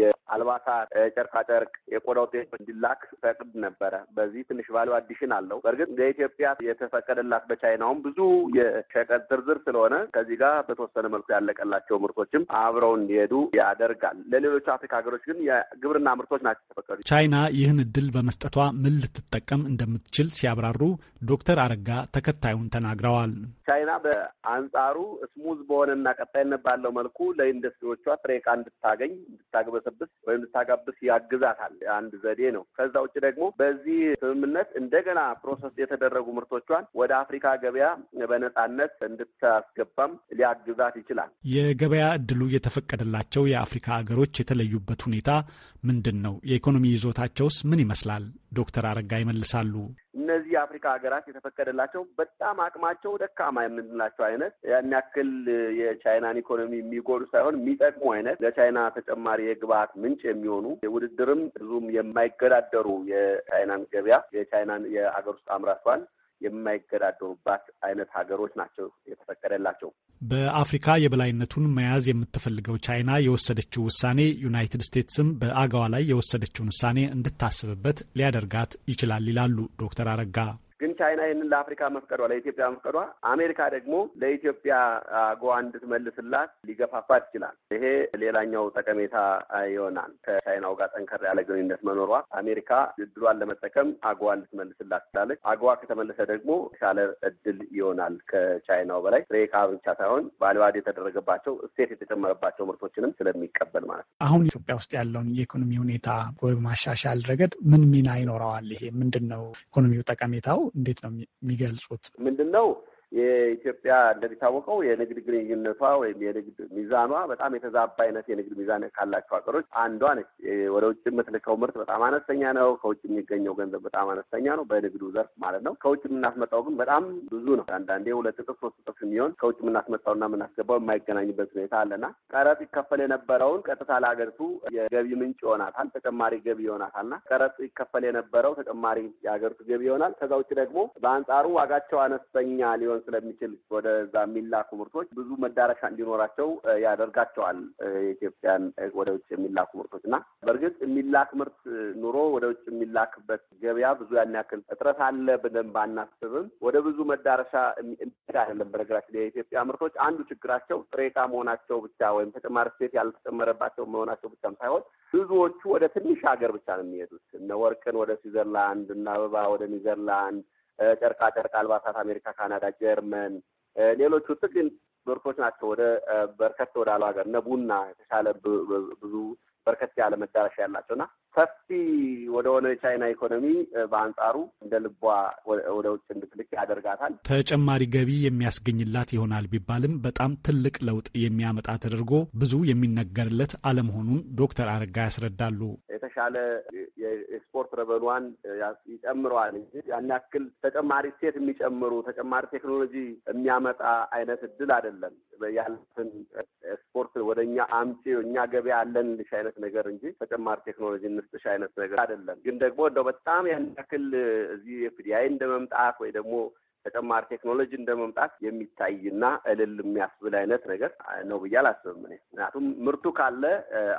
የአልባሳት፣ ጨርቃጨርቅ፣ የቆዳ ውጤቶች እንዲላክ ፈቅድ ነበረ። በዚህ ትንሽ ባሉ አዲሽን አለው። በእርግጥ ለኢትዮጵያ የተፈቀደላት በቻይናውም ብዙ የሸቀጥ ዝርዝር ስለሆነ ከዚህ ጋር በተወሰነ መልኩ ያለቀላቸው ምርቶችም አብረው እንዲሄዱ ያደርጋል። ለሌሎቹ አፍሪካ ሀገሮች ግን የግብርና ምርቶች ናቸው የተፈቀዱ። ቻይና ይህን እድል በመስጠቷ ምን ልትጠቀም እንደምትችል በሚል ሲያብራሩ ዶክተር አረጋ ተከታዩን ተናግረዋል። ቻይና በአንጻሩ ስሙዝ በሆነና ቀጣይነት ባለው መልኩ ለኢንዱስትሪዎቿ ጥሬ ዕቃ እንድታገኝ እንድታግበሰብስ ወይም እንድታጋብስ ያግዛታል። አንድ ዘዴ ነው። ከዛ ውጭ ደግሞ በዚህ ስምምነት እንደገና ፕሮሰስ የተደረጉ ምርቶቿን ወደ አፍሪካ ገበያ በነጻነት እንድታስገባም ሊያግዛት ይችላል። የገበያ እድሉ የተፈቀደላቸው የአፍሪካ ሀገሮች የተለዩበት ሁኔታ ምንድን ነው? የኢኮኖሚ ይዞታቸውስ ምን ይመስላል? ዶክተር አረጋ ይመልሳሉ። እነዚህ የአፍሪካ ሀገራት የተፈቀደላቸው በጣም አቅማቸው ደካማ የምንላቸው አይነት ያን ያክል የቻይናን ኢኮኖሚ የሚጎዱ ሳይሆን የሚጠቅሙ አይነት ለቻይና ተጨማሪ የግብአት ምንጭ የሚሆኑ ውድድርም ብዙም የማይገዳደሩ የቻይናን ገበያ የቻይናን የአገር ውስጥ አምራቷን የማይገዳደሩባት አይነት ሀገሮች ናቸው የተፈቀደላቸው። በአፍሪካ የበላይነቱን መያዝ የምትፈልገው ቻይና የወሰደችው ውሳኔ ዩናይትድ ስቴትስም በአገዋ ላይ የወሰደችውን ውሳኔ እንድታስብበት ሊያደርጋት ይችላል ይላሉ ዶክተር አረጋ። ግን ቻይና ይህንን ለአፍሪካ መፍቀዷ ለኢትዮጵያ መፍቀዷ አሜሪካ ደግሞ ለኢትዮጵያ አጎዋ እንድትመልስላት ሊገፋፋት ይችላል። ይሄ ሌላኛው ጠቀሜታ ይሆናል። ከቻይናው ጋር ጠንከር ያለ ግንኙነት መኖሯ አሜሪካ እድሏን ለመጠቀም አጎዋ እንድትመልስላት ትችላለች። አጎዋ ከተመለሰ ደግሞ የተሻለ እድል ይሆናል። ከቻይናው በላይ ጥሬ ዕቃ ብቻ ሳይሆን ባሊዋድ የተደረገባቸው እሴት የተጨመረባቸው ምርቶችንም ስለሚቀበል ማለት ነው። አሁን ኢትዮጵያ ውስጥ ያለውን የኢኮኖሚ ሁኔታ ማሻሻል ረገድ ምን ሚና ይኖረዋል? ይሄ ምንድን ነው ኢኮኖሚው ጠቀሜታው? እንዴት ነው የሚገልጹት? ምንድን ነው የኢትዮጵያ እንደሚታወቀው የንግድ ግንኙነቷ ወይም የንግድ ሚዛኗ በጣም የተዛባ አይነት የንግድ ሚዛን ካላቸው ሀገሮች አንዷ ነች። ወደ ውጭ የምትልከው ምርት በጣም አነስተኛ ነው። ከውጭ የሚገኘው ገንዘብ በጣም አነስተኛ ነው፣ በንግዱ ዘርፍ ማለት ነው። ከውጭ የምናስመጣው ግን በጣም ብዙ ነው። አንዳንዴ ሁለት እጥፍ፣ ሶስት እጥፍ የሚሆን ከውጭ የምናስመጣውና የምናስገባው የማይገናኝበት ሁኔታ አለና ቀረጥ ይከፈል የነበረውን ቀጥታ ለሀገሪቱ የገቢ ምንጭ ይሆናታል፣ ተጨማሪ ገቢ ይሆናታልና ቀረጥ ይከፈል የነበረው ተጨማሪ የሀገሪቱ ገቢ ይሆናል። ከዛ ውጭ ደግሞ በአንጻሩ ዋጋቸው አነስተኛ ሊሆን ሊሆን ስለሚችል ወደዛ የሚላኩ ምርቶች ብዙ መዳረሻ እንዲኖራቸው ያደርጋቸዋል። የኢትዮጵያን ወደ ውጭ የሚላኩ ምርቶች እና በእርግጥ የሚላክ ምርት ኑሮ ወደ ውጭ የሚላክበት ገበያ ብዙ ያን ያክል እጥረት አለ ብለን ባናስብም ወደ ብዙ መዳረሻ አይደለም። በነገራችን የኢትዮጵያ ምርቶች አንዱ ችግራቸው ጥሬ ዕቃ መሆናቸው ብቻ ወይም ተጨማሪ እሴት ያልተጨመረባቸው መሆናቸው ብቻም ሳይሆን ብዙዎቹ ወደ ትንሽ ሀገር ብቻ ነው የሚሄዱት። እነ ወርቅን ወደ ስዊዘርላንድ እና አበባ ወደ ኒዘርላንድ ጨርቃ ጨርቅ አልባሳት አሜሪካ፣ ካናዳ፣ ጀርመን ሌሎቹ ጥግን ምርቶች ናቸው። ወደ በርከት ወዳሉ ሀገር እነ ቡና የተሻለ ብዙ በርከት ያለ መዳረሻ ያላቸው እና ሰፊ ወደሆነ የቻይና ኢኮኖሚ በአንጻሩ እንደ ልቧ ወደ ውጭ እንድትልክ ያደርጋታል። ተጨማሪ ገቢ የሚያስገኝላት ይሆናል ቢባልም በጣም ትልቅ ለውጥ የሚያመጣ ተደርጎ ብዙ የሚነገርለት አለመሆኑን ዶክተር አረጋ ያስረዳሉ። የተሻለ የኤክስፖርት ረበኗን ይጨምረዋል እንጂ ያን ያክል ተጨማሪ ሴት የሚጨምሩ ተጨማሪ ቴክኖሎጂ የሚያመጣ አይነት እድል አይደለም። ያለትን ኤክስፖርት ወደ እኛ አምጪ እኛ ገበያ አለን ልሽ አይነት ነገር እንጂ ተጨማሪ ቴክኖሎጂ የሚሰጥሽ አይነት ነገር አይደለም። ግን ደግሞ እንደው በጣም ያን ያክል እዚህ ኤፍዲአይ መምጣት ወይ ደግሞ ተጨማሪ ቴክኖሎጂ እንደመምጣት የሚታይና እልል የሚያስብል አይነት ነገር ነው ብዬ አላስብም እኔ። ምክንያቱም ምርቱ ካለ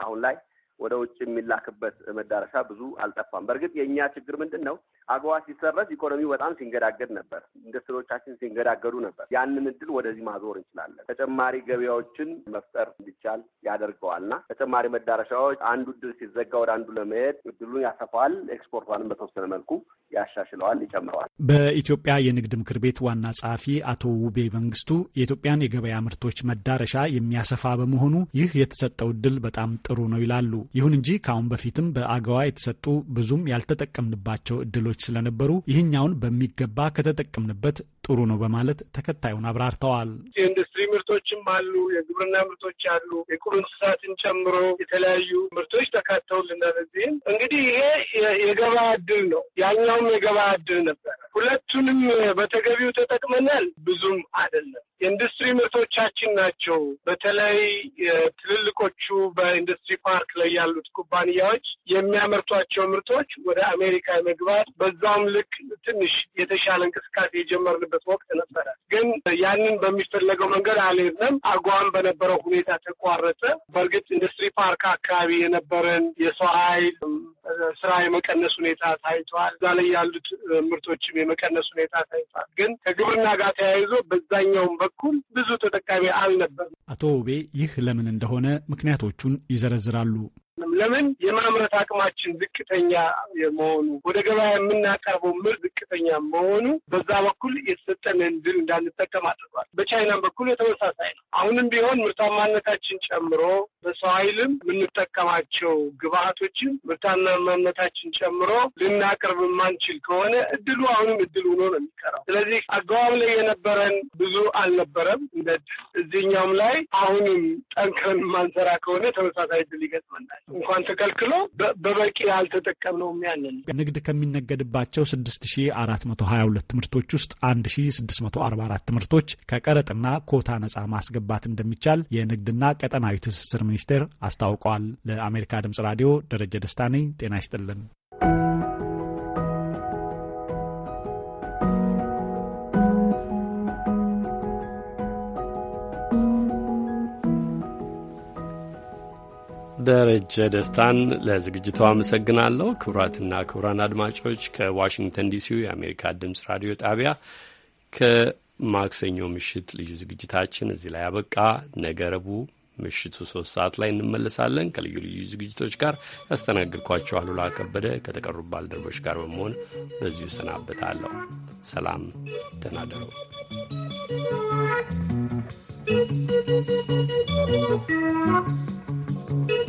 አሁን ላይ ወደ ውጭ የሚላክበት መዳረሻ ብዙ አልጠፋም። በእርግጥ የእኛ ችግር ምንድን ነው? አገዋ ሲሰረዝ ኢኮኖሚው በጣም ሲንገዳገድ ነበር። ኢንዱስትሪዎቻችን ሲንገዳገዱ ነበር። ያንን እድል ወደዚህ ማዞር እንችላለን። ተጨማሪ ገበያዎችን መፍጠር እንዲቻል ያደርገዋልና ተጨማሪ መዳረሻዎች አንዱ እድል ሲዘጋ ወደ አንዱ ለመሄድ እድሉን ያሰፋዋል። ኤክስፖርቷንም በተወሰነ መልኩ ያሻሽለዋል፣ ይጨምረዋል። በኢትዮጵያ የንግድ ምክር ቤት ዋና ጸሐፊ አቶ ውቤ መንግስቱ የኢትዮጵያን የገበያ ምርቶች መዳረሻ የሚያሰፋ በመሆኑ ይህ የተሰጠው እድል በጣም ጥሩ ነው ይላሉ። ይሁን እንጂ ከአሁን በፊትም በአገዋ የተሰጡ ብዙም ያልተጠቀምንባቸው እድሎች ስለነበሩ ይህኛውን በሚገባ ከተጠቀምንበት ጥሩ ነው በማለት ተከታዩን አብራርተዋል። የኢንዱስትሪ ምርቶችም አሉ፣ የግብርና ምርቶች አሉ። የቁም እንስሳትን ጨምሮ የተለያዩ ምርቶች ተካተውልናል። እዚህም እንግዲህ ይሄ የገበያ እድል ነው፣ ያኛውም የገበያ እድል ነበረ። ሁለቱንም በተገቢው ተጠቅመናል ብዙም አይደለም። የኢንዱስትሪ ምርቶቻችን ናቸው። በተለይ ትልልቆቹ በኢንዱስትሪ ፓርክ ላይ ያሉት ኩባንያዎች የሚያመርቷቸው ምርቶች ወደ አሜሪካ መግባት በዛውም ልክ ትንሽ የተሻለ እንቅስቃሴ የጀመርንበት የነበረበት ወቅት ነበረ። ግን ያንን በሚፈለገው መንገድ አልሄድንም። አጓም በነበረው ሁኔታ ተቋረጠ። በእርግጥ ኢንዱስትሪ ፓርክ አካባቢ የነበረን የሰው ኃይል ስራ የመቀነስ ሁኔታ ታይቷል። እዛ ላይ ያሉት ምርቶችም የመቀነስ ሁኔታ ታይቷል። ግን ከግብርና ጋር ተያይዞ በዛኛውም በኩል ብዙ ተጠቃሚ አልነበርም። አቶ ውቤ ይህ ለምን እንደሆነ ምክንያቶቹን ይዘረዝራሉ። ለምን የማምረት አቅማችን ዝቅተኛ የመሆኑ ወደ ገበያ የምናቀርበው ምርት ዝቅተኛ መሆኑ በዛ በኩል የተሰጠንን ድል እንዳንጠቀም አድርጓል። በቻይናም በኩል የተመሳሳይ ነው። አሁንም ቢሆን ምርታማነታችን ጨምሮ በሰው ኃይልም የምንጠቀማቸው ግብአቶችን ምርታማነታችን ጨምሮ ልናቀርብ የማንችል ከሆነ እድሉ አሁንም እድል ሆኖ ነው የሚቀረው። ስለዚህ አገባብ ላይ የነበረን ብዙ አልነበረም እንደ እዚህኛውም ላይ አሁንም ጠንክረን ማንሰራ ከሆነ ተመሳሳይ እድል ይገጥመናል። እንኳን ተከልክሎ በበቂ አልተጠቀምነውም። ያንን ንግድ ከሚነገድባቸው ሁለት ትምህርቶች ውስጥ አራት ትምህርቶች ከቀረጥና ኮታ ነፃ ማስገባት እንደሚቻል የንግድና ቀጠናዊ ትስስር ሚኒስቴር አስታውቀዋል። ለአሜሪካ ድምጽ ራዲዮ ደረጀ ደስታ ነኝ። ጤና ይስጥልን። ደረጀ ደስታን ለዝግጅቱ አመሰግናለሁ። ክቡራትና ክቡራን አድማጮች ከዋሽንግተን ዲሲው የአሜሪካ ድምፅ ራዲዮ ጣቢያ ከማክሰኞ ምሽት ልዩ ዝግጅታችን እዚህ ላይ አበቃ። ነገ ረቡዕ ምሽቱ ሶስት ሰዓት ላይ እንመለሳለን ከልዩ ልዩ ዝግጅቶች ጋር። ያስተናግድኳቸው አሉላ ከበደ ከተቀሩ ባልደረቦች ጋር በመሆን በዚሁ ሰናበታለሁ። ሰላም፣ ደህና you.